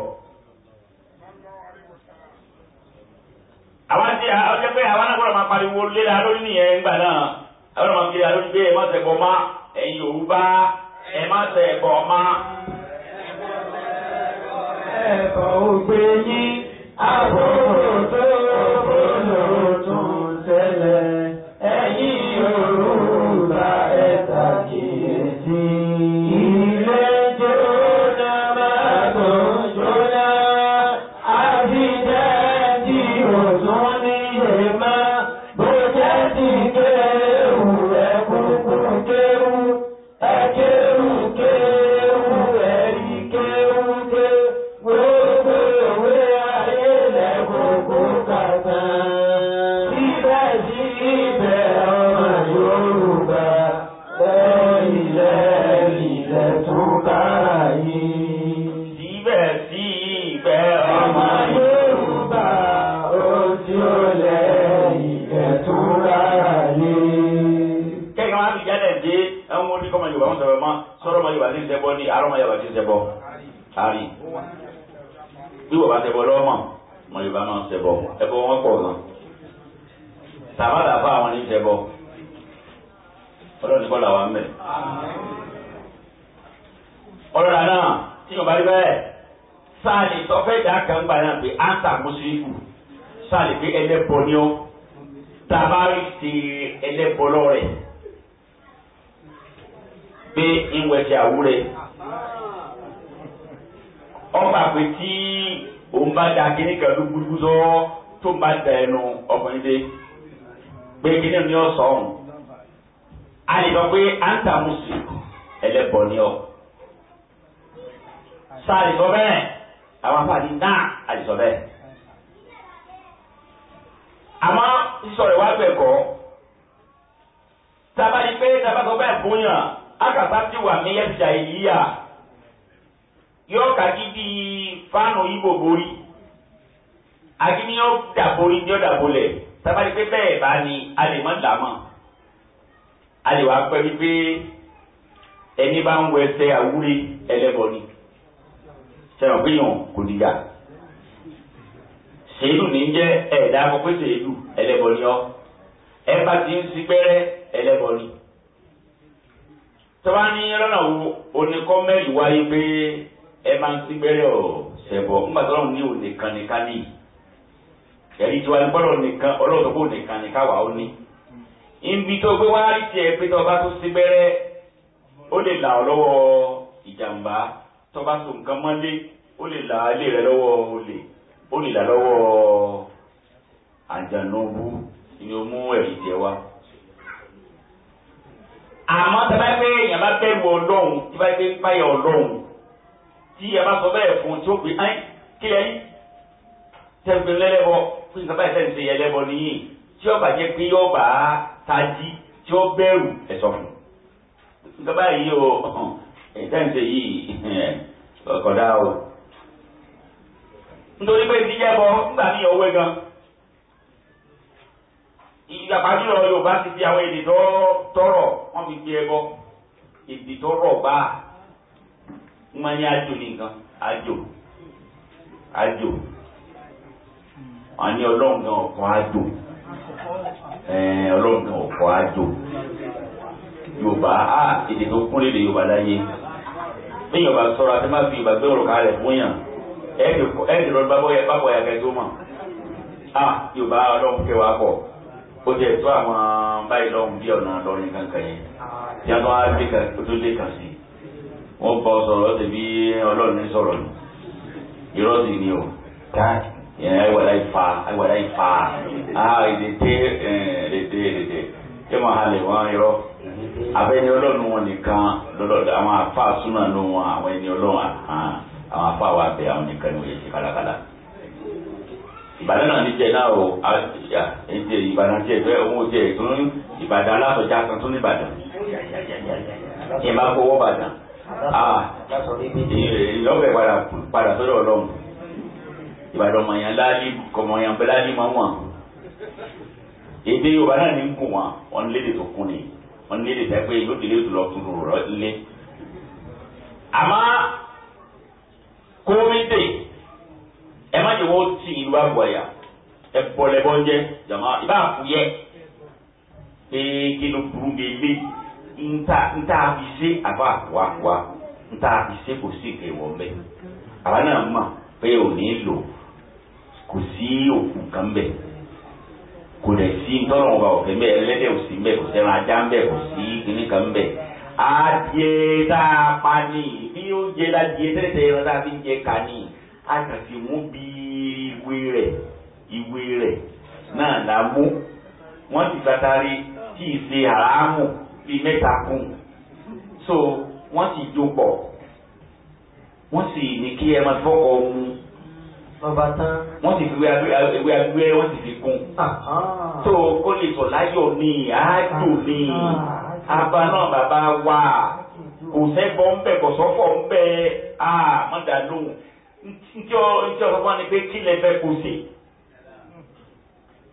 àti ọjọ́ pé àwọn alágbọ́dọ̀ máa pariwo léra lórí nìyẹn ńgbà náà àwọn ọmọ kiri àlórí pé ẹ má tẹ̀bọ̀ má ẹ̀yin Yorùbá ẹ má tẹ̀bọ̀ má. ẹ̀bọ̀ ògbé yín àbọ̀ arọ́mọ yàrá ti ṣẹbọ àárín bí wọ́n bá ṣẹbọ lọ́mọ wọn yóò bá máa ṣẹbọ ẹbọ wọn pọ̀ gan tàbádà fún àwọn ní ṣẹbọ ọlọ́run kọ́ làwọn mẹ́. ọlọ́run náà tí yóò bá rí bẹ́ẹ̀ sáàlì tọ́fẹ́ ìdá náà pé á ń sáàlì pé ẹlẹ́bọ ni ọ́ tàbárí ti ẹlẹ́bọ lọ́rẹ̀ pé ìwẹ̀ ti àwúrẹ́ ọgbà pé tí òun bá da kíní kan ló gbúdú sọ tó ń da ẹnu ọkùnrin dé pé kíní ni ọ sọ ọhún a lè sọ pé à ń ta mùsùlùm ẹlẹ́bọ ni ọ sáà lè sọ bẹ́ẹ̀ àwọn afáàdì náà a lè sọ bẹ́ẹ̀ àmọ́ sísọ rẹ̀ wá gbẹ̀kọ́ pé tábàdí pé fún yàn á kà sáà ti wà mí yẹ́sì àìyíyà yóò ka gidi fáànù yíbo borí agini yóò dàborí yóò dàbolẹ̀ sábàdí pé bẹ́ẹ̀ bá ní alẹ́ mọ́ dàmọ́ alẹ́ wàá pẹ́ wípé ẹni bá ń wọ ẹsẹ̀ àwúrí ẹlẹ́bọ ni sẹ́wọ̀n pé yàn kò dìjà sèlú ní jẹ́ ẹ̀dá akọ́pẹ́ sèlú ẹlẹ́bọ ni ọ́ ẹ ti ń sigbẹ́rẹ́ ẹlẹ́bọ ni tọ́ba ní lọ́nà wo mẹ́rin wáyé pé ẹ máa ń sí gbẹ́rẹ́ ọ̀ ṣẹ̀bọ̀ ńgbà tó lọ́run ní òun nìkan nìkan ní ẹ̀rí tí wàá gbọ́dọ̀ nìkan ọlọ́dọ̀ kó nìkan nìkan wà ó ní. ibi tó gbé wá rí tiẹ̀ pé tọ́ba tó sí gbẹ́rẹ́ ó lè là ọ́ lọ́wọ́ ìjàmbá tọ́ba so nǹkan mọ́lé ó lè là ilé rẹ lọ́wọ́ olè ó lè là lọ́wọ́ àjànàbú ni ó mú ẹ̀rí tiẹ̀ wá àmọ́ tí a bá pé èèyàn bá bẹ̀rù ọlọ́run tí a bá pé báyọ̀ ọlọ́run tí ẹ bá sọ bẹ́ẹ̀ fún tí ó pè áyín kí lẹ yín tẹ̀sán lẹ́lẹ́bọ fún nǹkan báyìí sẹ́yìn ṣe yẹ lẹ́bọ nìyí tí ọba jẹ́ pé ọba tají tí ó bẹ̀rù ẹ̀ sọ fún nǹkan báyìí o sẹ́yìn ṣe yìí ọ̀kọ̀dá o. nítorí pé ti jẹ́ nígbà mí ọwọ́ gan ìgbàpá jùlọ Yorùbá ti fi àwọn èdè tọrọ wọn fi gbé ẹbọ èdè tọrọ gbáà wọ́n ní àjò ní nǹkan àjò àjò wọ́n ní ọlọ́run gan ọ̀pọ̀ àjò ọlọ́run yorùbá á èdè tó kún lédè yorùbá láyé lẹ́yìn ọba sọ̀rọ̀ àti má fi ìgbà gbé òrùka rẹ̀ fún yàn ẹ̀ẹ́dì lọ́dún bábọ̀ yẹ bábọ̀ yà kẹ́kẹ́ mọ̀ á yorùbá ọlọ́run kẹwàá pọ̀ ó jẹ́ tó àwọn báyìí lọ́hùn bí ọ̀nà lọ́rin kankan yẹn tí á gbé kan tó lé kan sí i. wọ́n bọ sọ̀rọ̀ ṣe bí ọlọ́run ní sọ̀rọ̀ ni irọ́ sì ni o ifa yẹn ifa ìfà àìwàdà tí wọ́n ha wọ́n irọ́ ọlọ́run wọn nìkan lọ́dọ̀ àwọn súnà wọn àwọn ẹni ọlọ́run àwọn bẹ àwọn nìkan yẹ ti kalakala ìbàdàn náà o ìbàdàn jẹ owó jẹ ìbàdàn kan tún Ah. ìyọ́bẹ̀ padà sọ́dọ̀ ọlọ́run ìbàdàn mọ̀yàn láàlì kọ̀mọ̀yàn bẹ́ẹ̀ láàlì máa wọ̀n èdè yorùbá náà ní ń gùn wọn wọn léde tó kún ni wọn léde tẹ pé yóò délé tó lọ tún lò rọ lé àmọ́ kómìdè ẹ má jẹ wọn ti ìlú àgbàyà ẹ bọlẹ bọ jẹ jàmá ìbá fúyẹ pé kí ló burú bíi bíi nta nta fi ṣe àbá wa wa nta fi ṣe kò sí ìkẹwọ mbẹ àwa náà mọ̀ pé ò ní lò kò sí òkú kan mbẹ kò dẹ̀ sí ntọ́nà ọba ọ̀fẹ́ mbẹ ẹlẹ́dẹ̀ ò sí mbẹ kò sẹ́ran ajá mbẹ kò sí kíní kan mbẹ adìẹ tá a pa ní bí ó jẹ ládìẹ tẹ́lẹ̀tẹ́lẹ̀ yẹn tá a fi ń jẹ ká ní àtàtì wọn bí ìwé rẹ̀ ìwé rẹ̀ náà la mú wọ́n ti gbàtàrí tí ì ṣe àrámù fi mẹ́ta kún so wọ́n sì jó pọ̀ wọ́n sì ní kí ẹ máa fọ́kọ̀ mu lọ́ba tán wọ́n sì fi wé ewé agbẹ́ wọ́n sì fi kún so kó lè sọ láyọ̀ ni àájò ni abá náà bàbá wà kò sẹ́gbọ́ ń bẹ̀ kò sọ́fọ̀ ń bẹ̀ á mọ̀dà lóhùn ntí ntí ọ̀sọ́fọ̀ ni pé kí lè fẹ́ kó ṣe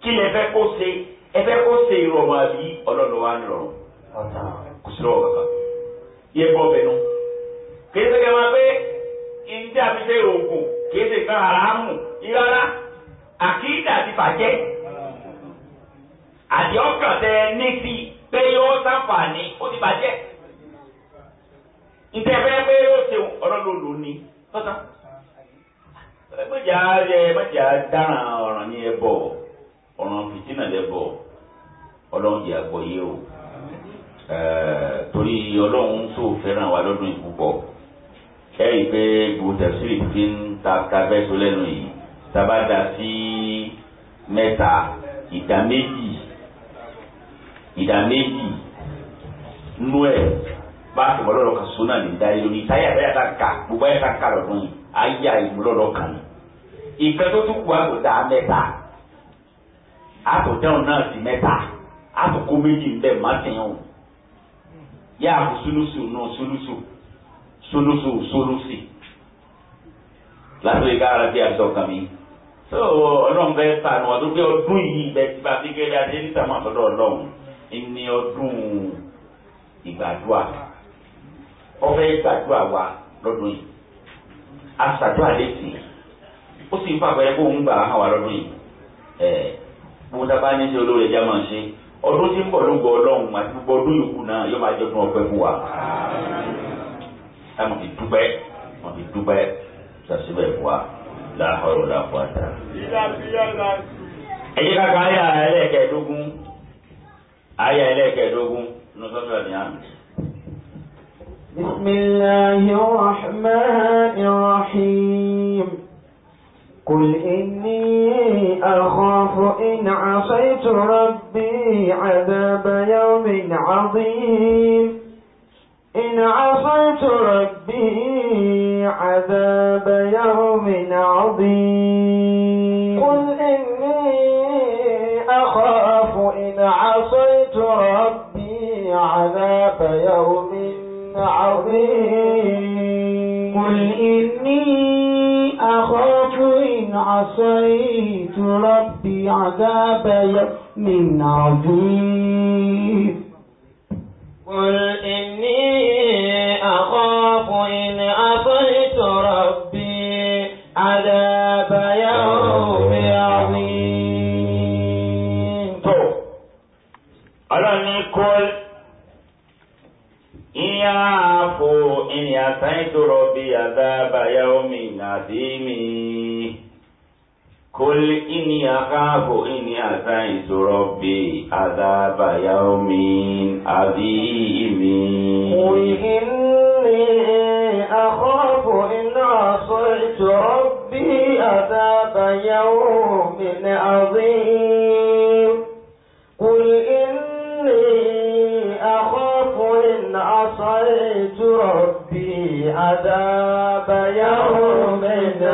kí lè fẹ́ kó ṣe ẹ fẹ́ kó ṣe ìrọ̀rùn àbí ọlọ́run wa ń rọrùn. kò sí lọ́wọ́ kankan yẹ bọ́ bẹ̀ nù kì í sẹ́kẹ̀ máa pé ìdí àfihàn òògùn kì í sẹ́kẹ̀ haramu ìrara àkìdá ti ní sí pé yóò ṣàǹfààní ó ti bàjẹ́ ní Eh, torí ọlọ́run tó fẹ́ràn wa lọ́dún yìí púpọ̀ ẹ rí i pé bùtẹ̀sírì fi ń ta tabẹ́sọ lẹ́nu yìí tabada sí mẹ́ta ìdá méjì ìdá méjì nú ẹ̀ bá a tẹ̀wọ́ lọ́dọ̀ kan sọ́nà lè dá yé lórí táyà táyà tá ka gbogbo ayé tá ka lọ́dún yìí ayé àìmúlọ́dọ̀ kan ìkan tó tún kù àtò mẹ́ta àtò náà sí mẹ́ta àtò méjì ń bẹ̀ má tẹ̀yàn o yaaku sulusu no sulusu sulusu sulusi lásìkò ìka ara bí àjọ kan mi so ọlọ́run bẹ́ẹ̀ sànù ọdún pé ọdún yìí bẹ́ẹ̀ ti bá fi kéde adé níta mọ́ àtọ́dọ̀ ọlọ́run ní ọdún ìgbàdúà ọfẹ́ ìgbàdúà wa lọ́dún yìí àṣàdúà létí ó sì ń fàgbẹ́ kó ń gbà á hàn wá lọ́dún yìí ẹ̀ mo dábàá ní ṣe olóore jẹ́ máa ṣe ọdún tí ń bọ̀ ló gbọ́ ọlọ́run àti gbogbo ọdún yòókù náà yóò máa jẹ́ fún ọpẹ́ fún wa. táwọn ti dúpẹ́ wọn ti dúpẹ́ sàṣìbẹ̀ fún wa láàárọ̀ làpọ̀ àtà. ẹ jẹ́ ká ka ayé ẹlẹ́kẹ̀ẹ́dógún ayé ẹlẹ́kẹ̀ẹ́dógún nùsọ́sọ́ ni àná. بسم الله الرحمن الرحيم قل إني أخاف إن عصيت ربي عذاب يوم عظيم إن عصيت ربي عذاب يوم عظيم قل إني أخاف إن عصيت ربي عذاب يوم عظيم قل إني أخاف إن عصيت ربي عذاب يوم عظيم قل إني أخاف إن عصيت ربي عذاب يوم عظيم. قل أعفو إن عصيت ربي عذاب يوم عظيم قل إني أخاف إن عصيت ربي عذاب يوم عظيم قل إني أخاف إن عصيت ربي عذاب يوم عظيم عصيت ربي عذاب يوم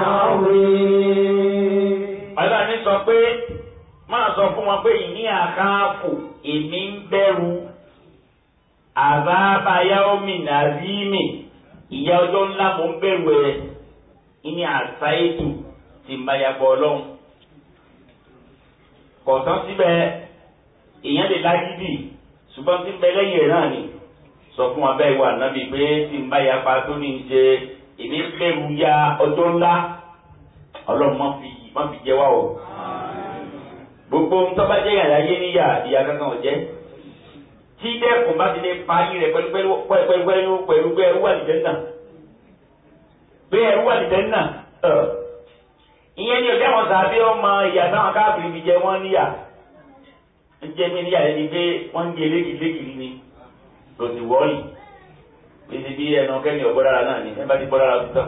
عظيم ọlọ́run ní sọ pé máa sọ fún wọn pé ìní àkáàfò èmi ń bẹ̀rù àbábá yaomi nàzímì ìyá ọjọ́ ńlá mò ń bẹ̀rù ẹ̀ ìní àṣàyètò tí ń bá yàgbọ́ síbẹ̀ èèyàn lè lágídì ṣùgbọ́n tí ń bẹ lẹ́yìn rẹ̀ náà ni sọ fún wa bẹ́ẹ̀ wà nábì pé tí n bá ya pa tó ní í ṣe ìní bẹ̀rù ya ọjọ́ ńlá ọlọ́run má fi má fi jẹ wá o. gbogbo ntọ́ba jẹ́ yàrá yé níyà ìyá kankan ọ̀jẹ́ tí dẹ́kun bá ti lè parí rẹ̀ pẹ̀lú pẹ̀lú pẹ̀lú pẹ̀lú ẹrú àlìjẹ́ náà pé ẹrú àlìjẹ́ náà ìyẹn ni òjá wọn sàbí ọmọ ìyá táwọn káàkiri fi jẹ wọn níyà ń jẹ mí níyà lẹ́ni pé wọ́n ń jẹ lẹ́kìlẹ́kìlì ni kò sì wọ́ọ̀lì bíi bí ẹnu kẹ́mi ọ̀bọ́dára náà ni ẹ bá ti bọ́dára tó tán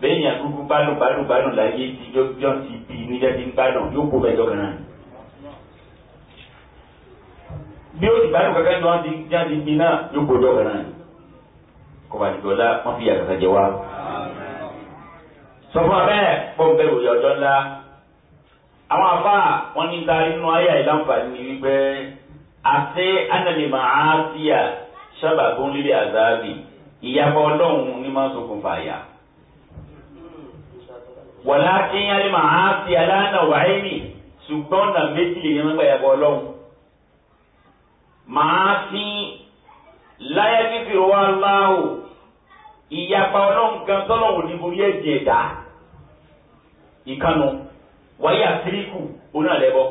bẹ́ẹ̀ni àkúkú bálò bálò bálò láyé tí jọ́ ti bí níjà ti ń bálò yóò kó mẹ́jọ kan náà bí ó ti bálò kankan tí wọ́n ti jáde bí náà yóò kó jọ kan náà kọ̀bàdìgbọ́lá wọ́n fi yàtọ̀ jẹ wá sọfún abẹ́rẹ́ pọ́ńpẹ́rù ìyá ọjọ́ ńlá àwọn afá wọn ní ta inú ayé àìláǹfààní wípé àti anani maasiya sábàbọn lílé azabi ìyapa ọlọ́run ni máa ń ṣokùnfà àyà. wàlá kí n yálé maasiya lánà wáyémi ṣùgbọ́n ọ̀nà méjì lè yẹn nígbà ìyapa ọlọ́run. maasi láyé kíkiri wá láwò ìyapa ọlọ́run kan tọ́lọ́run ní borí ẹ̀jẹ̀ dá ìkànnù wáyà síríkù onáàlẹ́bọ̀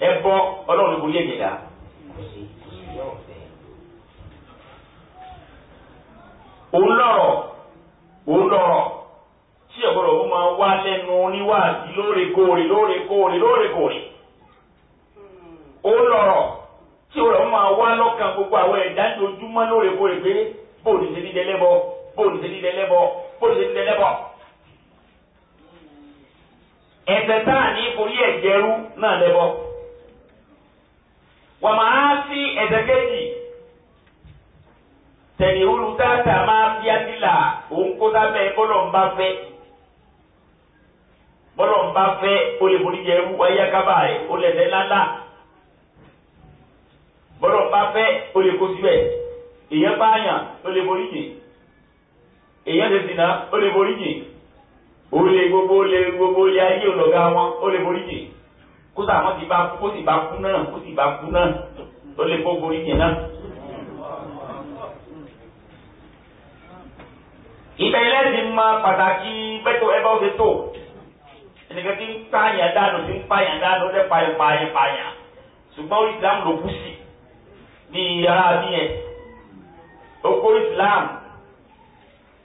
ẹ bọ ọlọ́run ló borí ẹ̀jẹ̀ dá. òun lọ̀rọ̀ òun lọ̀rọ̀ tí ọ̀gbọ́dọ̀ ó máa wá lẹ́nu oníwàásí lóòrèkóòrè lóòrèkóòrè lóòrèkóòrè. òun lọ̀rọ̀ tí ọ̀rọ̀ ó máa wá lọ́kàn gbogbo àwọn ẹ̀dá lójúmọ́ lóòrèkóòrè pé bóòdì ṣe dídẹ lẹ́bọ bóòdì ṣe dídẹ lẹ́bọ bóòdì ṣe dídẹ lẹ́bọ ẹ̀ṣẹ̀ táà ní forí ẹ̀jẹ̀ náà lẹ́bọ wà máa sí ẹ̀sẹ̀ kejì tẹ̀lé olùdáta máa fi àdìlà òun kó sábẹ́ bọ́lọ̀mbà fẹ́ bọ́lọ̀mbà fẹ́ ó lè borí jẹ ewu ayákábà rẹ̀ ó lẹ̀ lẹ́ lálá bọ́lọ̀mbà fẹ́ ó lè kó síbẹ̀ èèyàn báyàn ó lè gbogbo lè gbogbo lè ayé òlọ̀gá wọn ó kó sàmọ́ ti bá kó sì bá kú náà kó sì bá kú náà tó lè kó borí yẹn náà. ìgbà ilé ti mọ pàtàkì bẹ́tò ẹ bá ó ṣe tó ẹnìkan ti ń pààyàn dànù ti ń pààyàn dànù ó dẹ́ pààyàn pààyàn pààyàn ṣùgbọ́n orí ìsìlámù ló kú sí ní ara mi yẹn ó kó ìsìlámù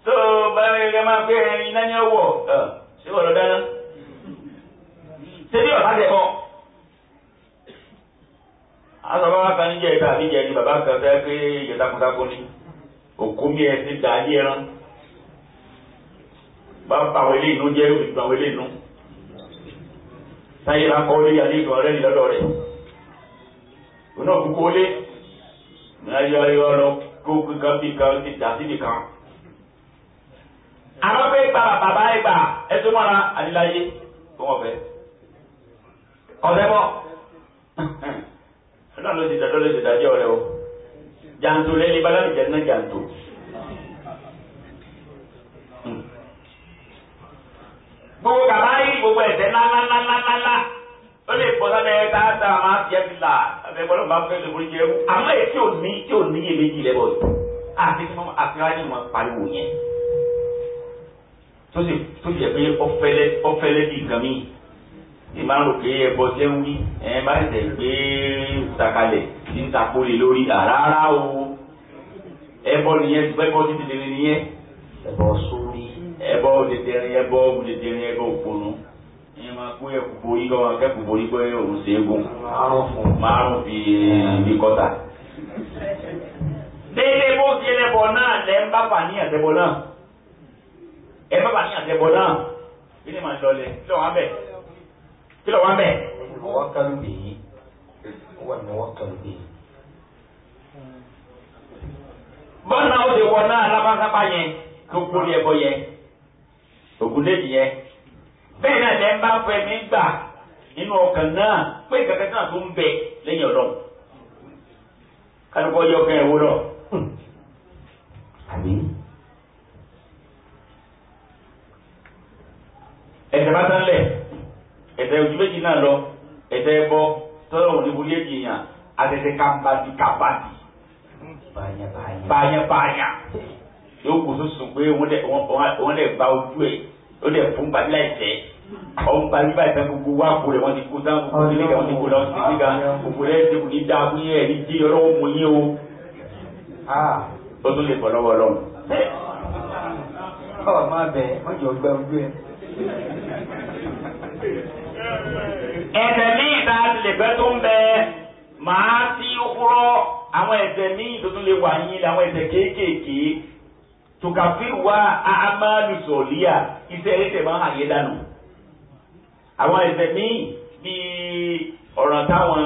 tó bá yẹ máa gbé ẹyin náà ní ọwọ́ ṣé wọ́n lọ dáná ṣebí ọ̀sán tẹ̀ bọ̀ asọ̀rọ̀ wa kan níjẹ́ ìta àbí ni bàbá kan fẹ́ pé ìjẹ́ takuntakun ni òkú mi ẹ̀ ti dà ní ẹran bá àwọn ilé ìnú jẹ́ òbí àwọn ilé ìnú sáyé lakọ́ olé yàrá ìdùn ọ̀rẹ́ mi lọ́dọ̀ rẹ̀ òun náà kúkú olé níwájú ayé ọlọ kó kíkan bí kan ti dà síbi kan. àwọn pé bàbá bàbá ẹgbà ẹtúmọ̀ra àdìláyé kó wọ́n kọ́sẹ́bọ̀ ọlọ́run ló ti dàdọ́ ló ti dàjọ́ rẹ o janto lẹ́ni bàbá mi jẹ́ ní jàǹtò. gbogbo kàbá yìí gbogbo ẹ̀sẹ̀ ńláńláńláńlá ó lè bọ́ sábẹ́ tààtà máa fi ẹbí là abẹ́ bọ́lá bá fẹ́ lórí jẹ́ o àmọ́ èyí tí ò ní tí ò ní iye méjì lẹ́bọ̀ yìí àti tí wọ́n àti wọ́n á ní wọn pariwo yẹn tó sì tó sì yẹ pé ọ̀fẹ́lẹ́ ọ̀fẹ́lẹ́ bíi nǹkan mìíràn tí màá rò pé ẹbọ tẹ́ ń wí ẹ má ṣẹ̀ gbé ìtàkalẹ̀ tí ń takore lórí rárá o ẹbọ nìyẹn ẹbọ títí lè nìyẹn ẹbọ sórí ẹbọ dẹdẹrin ẹbọ dẹdẹrin ẹbọ òponu ẹ máa kó ẹkú borí lọ máa kẹkù borí pé òun ṣe é gùn márùn fi bí kọta. déédéé bó ti ẹlẹ́bọ náà lẹ́ ń bá fà ní àtẹ́bọ náà ẹ bá fà ní àtẹ́bọ náà ni màá lọlẹ̀ kí kí ló wá ń bẹ̀. wákàlù bì í wà ní wákàlù bì í. bọ́nà ó ti wọ náà lápásápá yẹn ló kó ní ẹbọ yẹn ògùn lè nìyẹn bẹ́ẹ̀ náà lẹ́ ń bá fẹ́ mi gbà nínú ọkàn náà pé kẹ̀kẹ́ náà tó ń bẹ lẹ́yìn ọlọ́run kálukọ́ yọ ọkàn ẹ̀ wúrọ̀ hmm. àbí. ẹ̀sẹ̀ bá tán lẹ̀ ẹ̀ṣẹ̀ ojú méjì náà lọ ẹ̀ṣẹ̀ ẹbọ tọ́lọ̀ òní borí èjì yàn àtẹ̀tẹ̀ kàmbàdì kàmbàdì báyàbáyà yóò kó soso pé wọ́n lè ba ojú ẹ̀ ó lè fún gbàdúrà ẹ̀ṣẹ̀ ọ̀hún parí báyìí fẹ́ gbogbo wá kó rẹ̀ wọ́n ti kó sáà gbogbo ilé kan wọ́n ti kó lọ sí ilé kan gbogbo rẹ̀ ti kò ní dáa fún yẹn ní jí ọlọ́wọ́ mọ yín o ó tún lè bọ̀ lọ́wọ́ ọlọ́run. ọ̀ máa bẹ̀ ọ́ jọ gbẹ ojú ẹ̀ ẹ̀ṣẹ̀ míì tá a ti lè fẹ́ tó ń bẹ màá sí kúrọ́ àwọn ẹ̀ṣẹ̀ míì tó tún lè wà yín làwọn ẹ̀ṣẹ̀ kéékèèké tùkàfíìrù wa àmàlù sọ̀líà iṣẹ́ ẹ̀ṣẹ̀ máa hàn yé dànù àwọn ẹ̀ṣẹ̀ míì bíi ọ̀ràn táwọn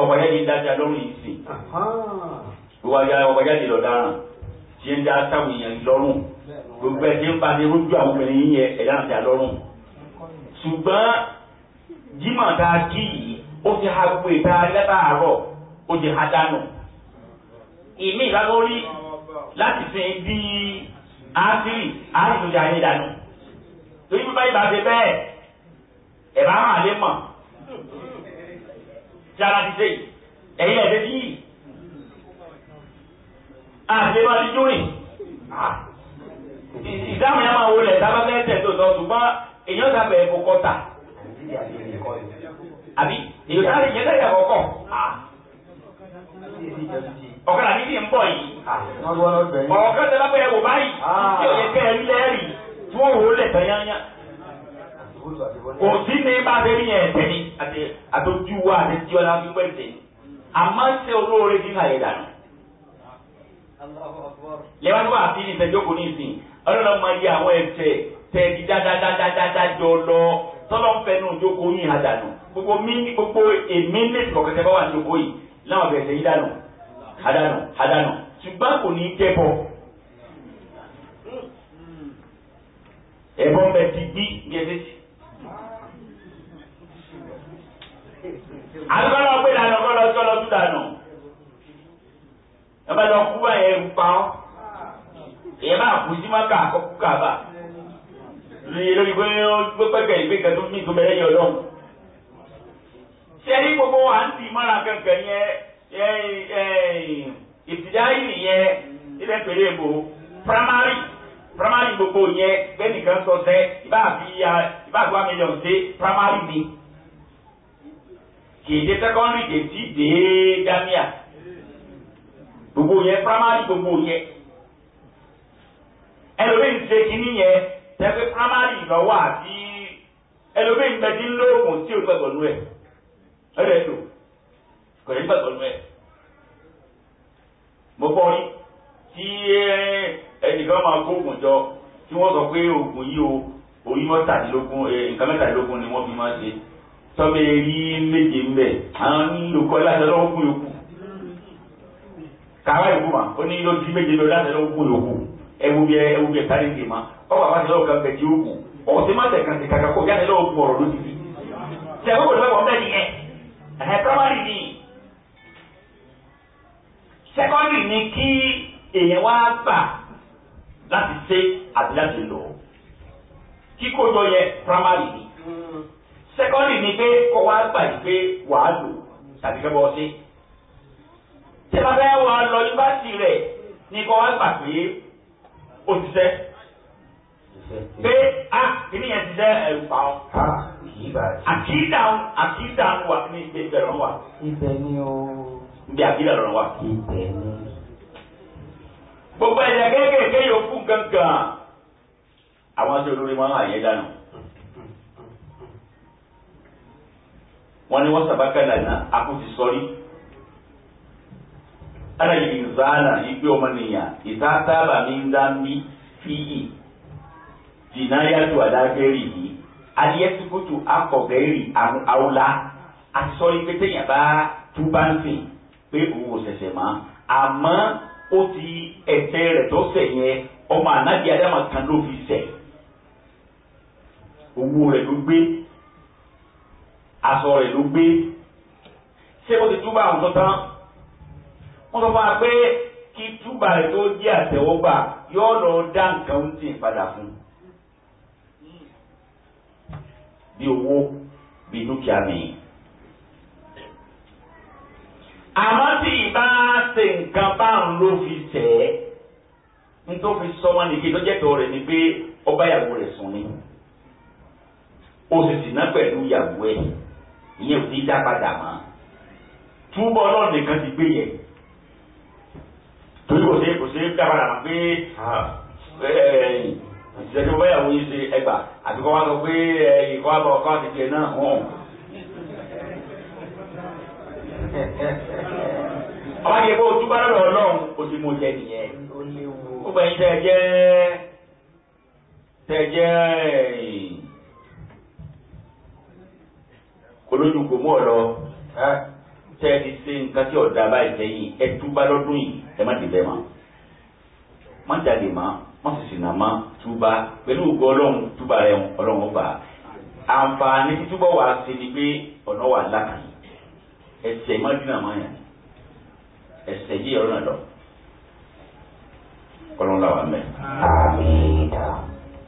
ọ̀pọ̀ yẹn ti dájà lọ́rùn yìí sí gbogbo àjáde lọ́daràn tí ń dá táwọn èèyàn lọ́rùn gbogbo ẹ̀ tí ń bá ní rújú àwọn obìnrin yẹn ẹ̀yà àti àlọ́rùn ṣùgbọ́n jímọ̀ tá a kí yìí ó ti ha gbogbo ìta lẹ́tàárọ̀ ó ti ha dànù ìmí ìlàlórí láti sin bí áńtírì áńtírì ayé dànù torí bí báyìí bá ṣe bẹ́ẹ̀ ẹ̀ bá hàn lé mọ̀ tí ara ti dé ẹ̀yin ẹ̀dẹ́ bí àti ẹ̀ma ti jó rìn ah, ìdáhùn yẹn máa wọlé tábàbẹ́ tẹ̀ tó sọ ṣùgbọ́n èyàn sábà ẹ̀ kó kọ́ta àbí èyàn sábà ẹ̀ yẹn sábà kọ́kọ́ ọ̀kadà níbi ń bọ̀ yìí ọ̀rọ̀ kan tẹ́lá bẹ́ẹ̀ wò báyìí tí ò yẹ kẹ́ ẹ lẹ́rìí tí wọ́n wò ó lẹ̀ tẹ̀yányá kò sí ní bá a tẹ́lẹ̀ yẹn tẹ̀lé àtọ́jú wa àti tí ọ̀la fi pẹ́ tẹ̀ àmọ́ ṣe olóore kí n àyè dànù. lẹ́wọ́n tó bá a fi ní ìṣẹ́jókòó ní ìsìn ọlọ́run máa yẹ àwọn ẹ̀fẹ́ tẹ̀lé dáadáadáadáa jọ lọ tọ́lọ́ ń fẹnu òjòkó yín àdànù gbogbo mi ní gbogbo èmi lẹ́sìn kọ̀kẹ́tẹ́ bá wà ní òjòkó yìí láwọn bẹ̀rẹ̀ sẹ́yìn dànù àdànù àdànù ṣùgbọ́n kò ní í jẹ́ bọ̀. ẹ̀bọ̀n bẹ ti gbí gẹ̀ẹ́sì. àgbọ̀lọ́ pé dànù ọgbọ́lọ́ sọ́lọ́ tún dànù. ẹ bá lọ kú báyẹn ń pa ọ́. èèyàn bá kú sí mọ́kà àkọ́kú kàbà ní lórí pé ó gbé pẹ́kẹ́ ìgbé kan tó ní ìgbé lẹ́yìn ọlọ́run. sẹ́ni gbogbo wa ń tì mọ́ra kankan yẹn ìtìjáyì nìyẹn ilẹ̀ pẹ̀lú èbò primary primary gbogbo yẹn bẹ́ẹ̀nìkan sọ sẹ́ ibà fi ibà gba mílíọ̀nù dé primary ni kèdè secondary dè tí dé jamia gbogbo yẹn primary gbogbo yẹn ẹlòmíì ń ṣe kínní yẹn tẹ́gbẹ́ primary lọ́wọ́ àti ẹlòmíì ń lóògùn tí ò gbàgbọ́ nú ẹ̀ ẹ̀rẹ́ lò kò yẹ gbàgbọ́ nú ẹ̀ mo kọ́ yín tí ẹnìkan máa gbóògùn jọ tí wọ́n sọ pé oògùn yìí o oyin mọ́tàdínlógún nǹkan mẹ́tàdínlógún ni wọ́n fi máa ṣe tọ́bẹ̀ rí méje ń bẹ̀ àwọn olùkọ́ láti ọlọ́wọ́ kú yòókù kàwá ìkú mà ó ní ló méje lọ láti ọlọ́wọ́ kú yòókù ẹwu bíẹ ẹwu bíẹ tari ti ma ọba àwọn àti lọ́wọ́ kan bẹ̀ tí ó kù ó sì má tẹ̀ kàn sí kàkà kó jáde lọ́wọ́ kú ọ̀rọ̀ lójijì tẹ̀ ó kòtò mẹ́wọ̀n bẹ́ẹ̀ nìyẹn ẹ̀hẹ́ primary ni secondary ni kí èèyàn wá gbà láti ṣe àbí láti lò kíkójọ yẹ primary ni secondary ni pé kó wá gbà yìí pé wàá lò tàbí kẹ́ bọ́ sí tẹ́lá fẹ́ wà lọ yunifásitì rẹ̀ ní kó wá gbà pé ó ti sẹ́ pé a ah, kìíní yẹn ti sẹ́ ẹ̀rù pa ọ́. àkìdá àkìdá wà ní ìgbẹ́ ìbẹ̀rẹ̀ wà. ni o. ibi àkìdá lọ́rọ̀ wà. ibẹ̀ ni. gbogbo ẹ̀yà kéékèèké yòókù gangan àwọn tó lórí wọn àyè dànù. wọ́n ní wọ́n sábà kẹ́lẹ̀ náà a kò ara ìzánà ìgbé ọmọnìyàn ìzásábà mi ń dáńbí fíyì jìnnáyàtò àdáfẹ́rì yìí adíyẹ́síkútù akọ̀gẹ́rì àwùlá àtisọ́ ipe téèyàn bá tú bá ń sìn pé òun ò ṣẹ̀ṣẹ̀ mọ́ àmọ́ ó ti ẹ̀ṣẹ̀ rẹ̀ tó ṣẹ̀ yẹn ọmọ ànábì adama kan ló fi ṣẹ̀ owó rẹ̀ ló gbé aṣọ rẹ̀ ló gbé ṣé ti túbọ̀ àwọn tán wọ́n sọ fún wa pé kí túbà rẹ̀ tó jẹ́ àtẹ̀wọ́gbà yóò lọ dá nǹkan ń sìn padà fún bí owó bí dúkìá mi. àmọ́ tí ìbá ṣe nǹkan báwọn ló fi tẹ̀ ẹ́ nítorí fi sọ wọn nìyí lọ́jẹ́tọ̀ rẹ̀ ni pé ọba ìyàwó rẹ̀ sùn ni ó sì sì ná pẹ̀lú ìyàwó ẹ̀ ìyẹn ò ní dá padà mọ́ túbọ̀ náà nìkan ti gbé yẹn. torí kò sí kò sí dábàrà ah pé ìṣẹ́jú ṣe ẹgbà àti kọ́ wá sọ pé ìkọ́ àbọ̀ ọkọ́ àti tiẹ̀ náà hàn. ọba yẹ kó o túbọ̀ lọ́dọ̀ ọlọ́run o ti mú jẹ nìyẹn ó bẹ̀yìn tẹ̀ jẹ́ tẹ̀ jẹ́ kò mú ọ lọ. tẹ́ ẹ ti ṣe nǹkan tí ọ̀dà báyìí sẹ́yìn ẹ túbá lọ́dún yìí ẹ má dìbẹ́ mọ́ má jáde mọ́ má sì sìnà mọ́ túbá pẹ̀lú ògo ọlọ́run túbá rẹ̀ ọlọ́run gbà àǹfààní títúbọ̀ wà sí ni pé ọ̀nà wà lákàyè ẹsẹ̀ má dínà mọ́ yẹn ẹsẹ̀ yí ọ̀rọ̀ lọ ọlọ́run làwọn mẹ́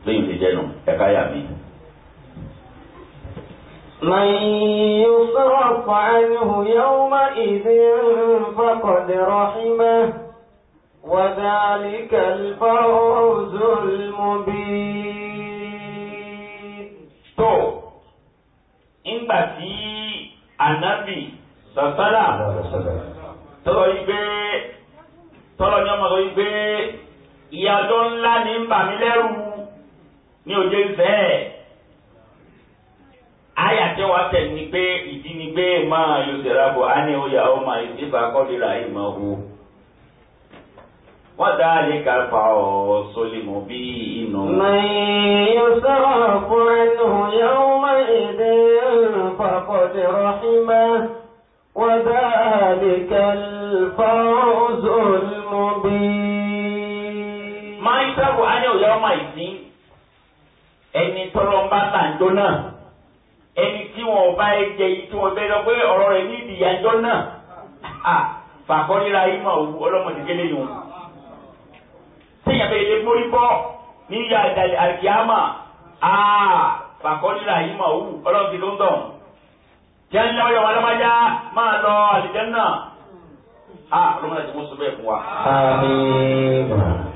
lẹ́yìn tí jẹ́ nù ẹ̀ka yà mí. من يصرف عنه يومئذ فقد رحمه وذلك الفوز المبين تو ìgbà tí ànábì sọ̀tọ́là tọ́lọ́ yìí gbé tọ́lọ́ ní ọmọ tó yìí gbé ìyá ọjọ́ ńlá ní ń bà mí lẹ́rù ní òjò ìfẹ́ ẹ̀ àyà tí wọ́n tẹ̀ ní pé ìdí ni pé máa yóò ṣẹlá bọ̀ á ní oyà ó máa yóò ṣèfà kọ́dìrà ìmọ̀ hu. wọ́n dá lè ka fa ọ̀ sọlẹ̀mù bí inú. mẹ́yìn yóò sọ̀rọ̀ fún ẹnu yóò má èdè pàkọ́dé rọ́ṣímà wọ́n dá lè ka fa ọ̀ sọlẹ̀mù bí. máa ń sábò á ní oyà ó máa yìí ẹni tọ́lọ́ ń bá tàǹdó náà ẹni tí wọn bá ẹ jẹ yìí tí wọn bẹ lọ pé ọ̀rọ̀ rẹ̀ ní ìdìyàjọ náà à fàkọríra yìí mà òwú ọlọmọdé kélé yìí wọn. téèyàn bẹ ilé mórí bọ ní ìyá ìdàlẹ àkíyàmà à fàkọríra yìí mà òwú ọlọmọdé tó ń tọ̀. jẹ́ni lábàjá wọn lábàjá máa lọ àlìjẹ́ náà à ọlọmọdé tó ń sọ bẹ́ẹ̀ fún wa. àmín.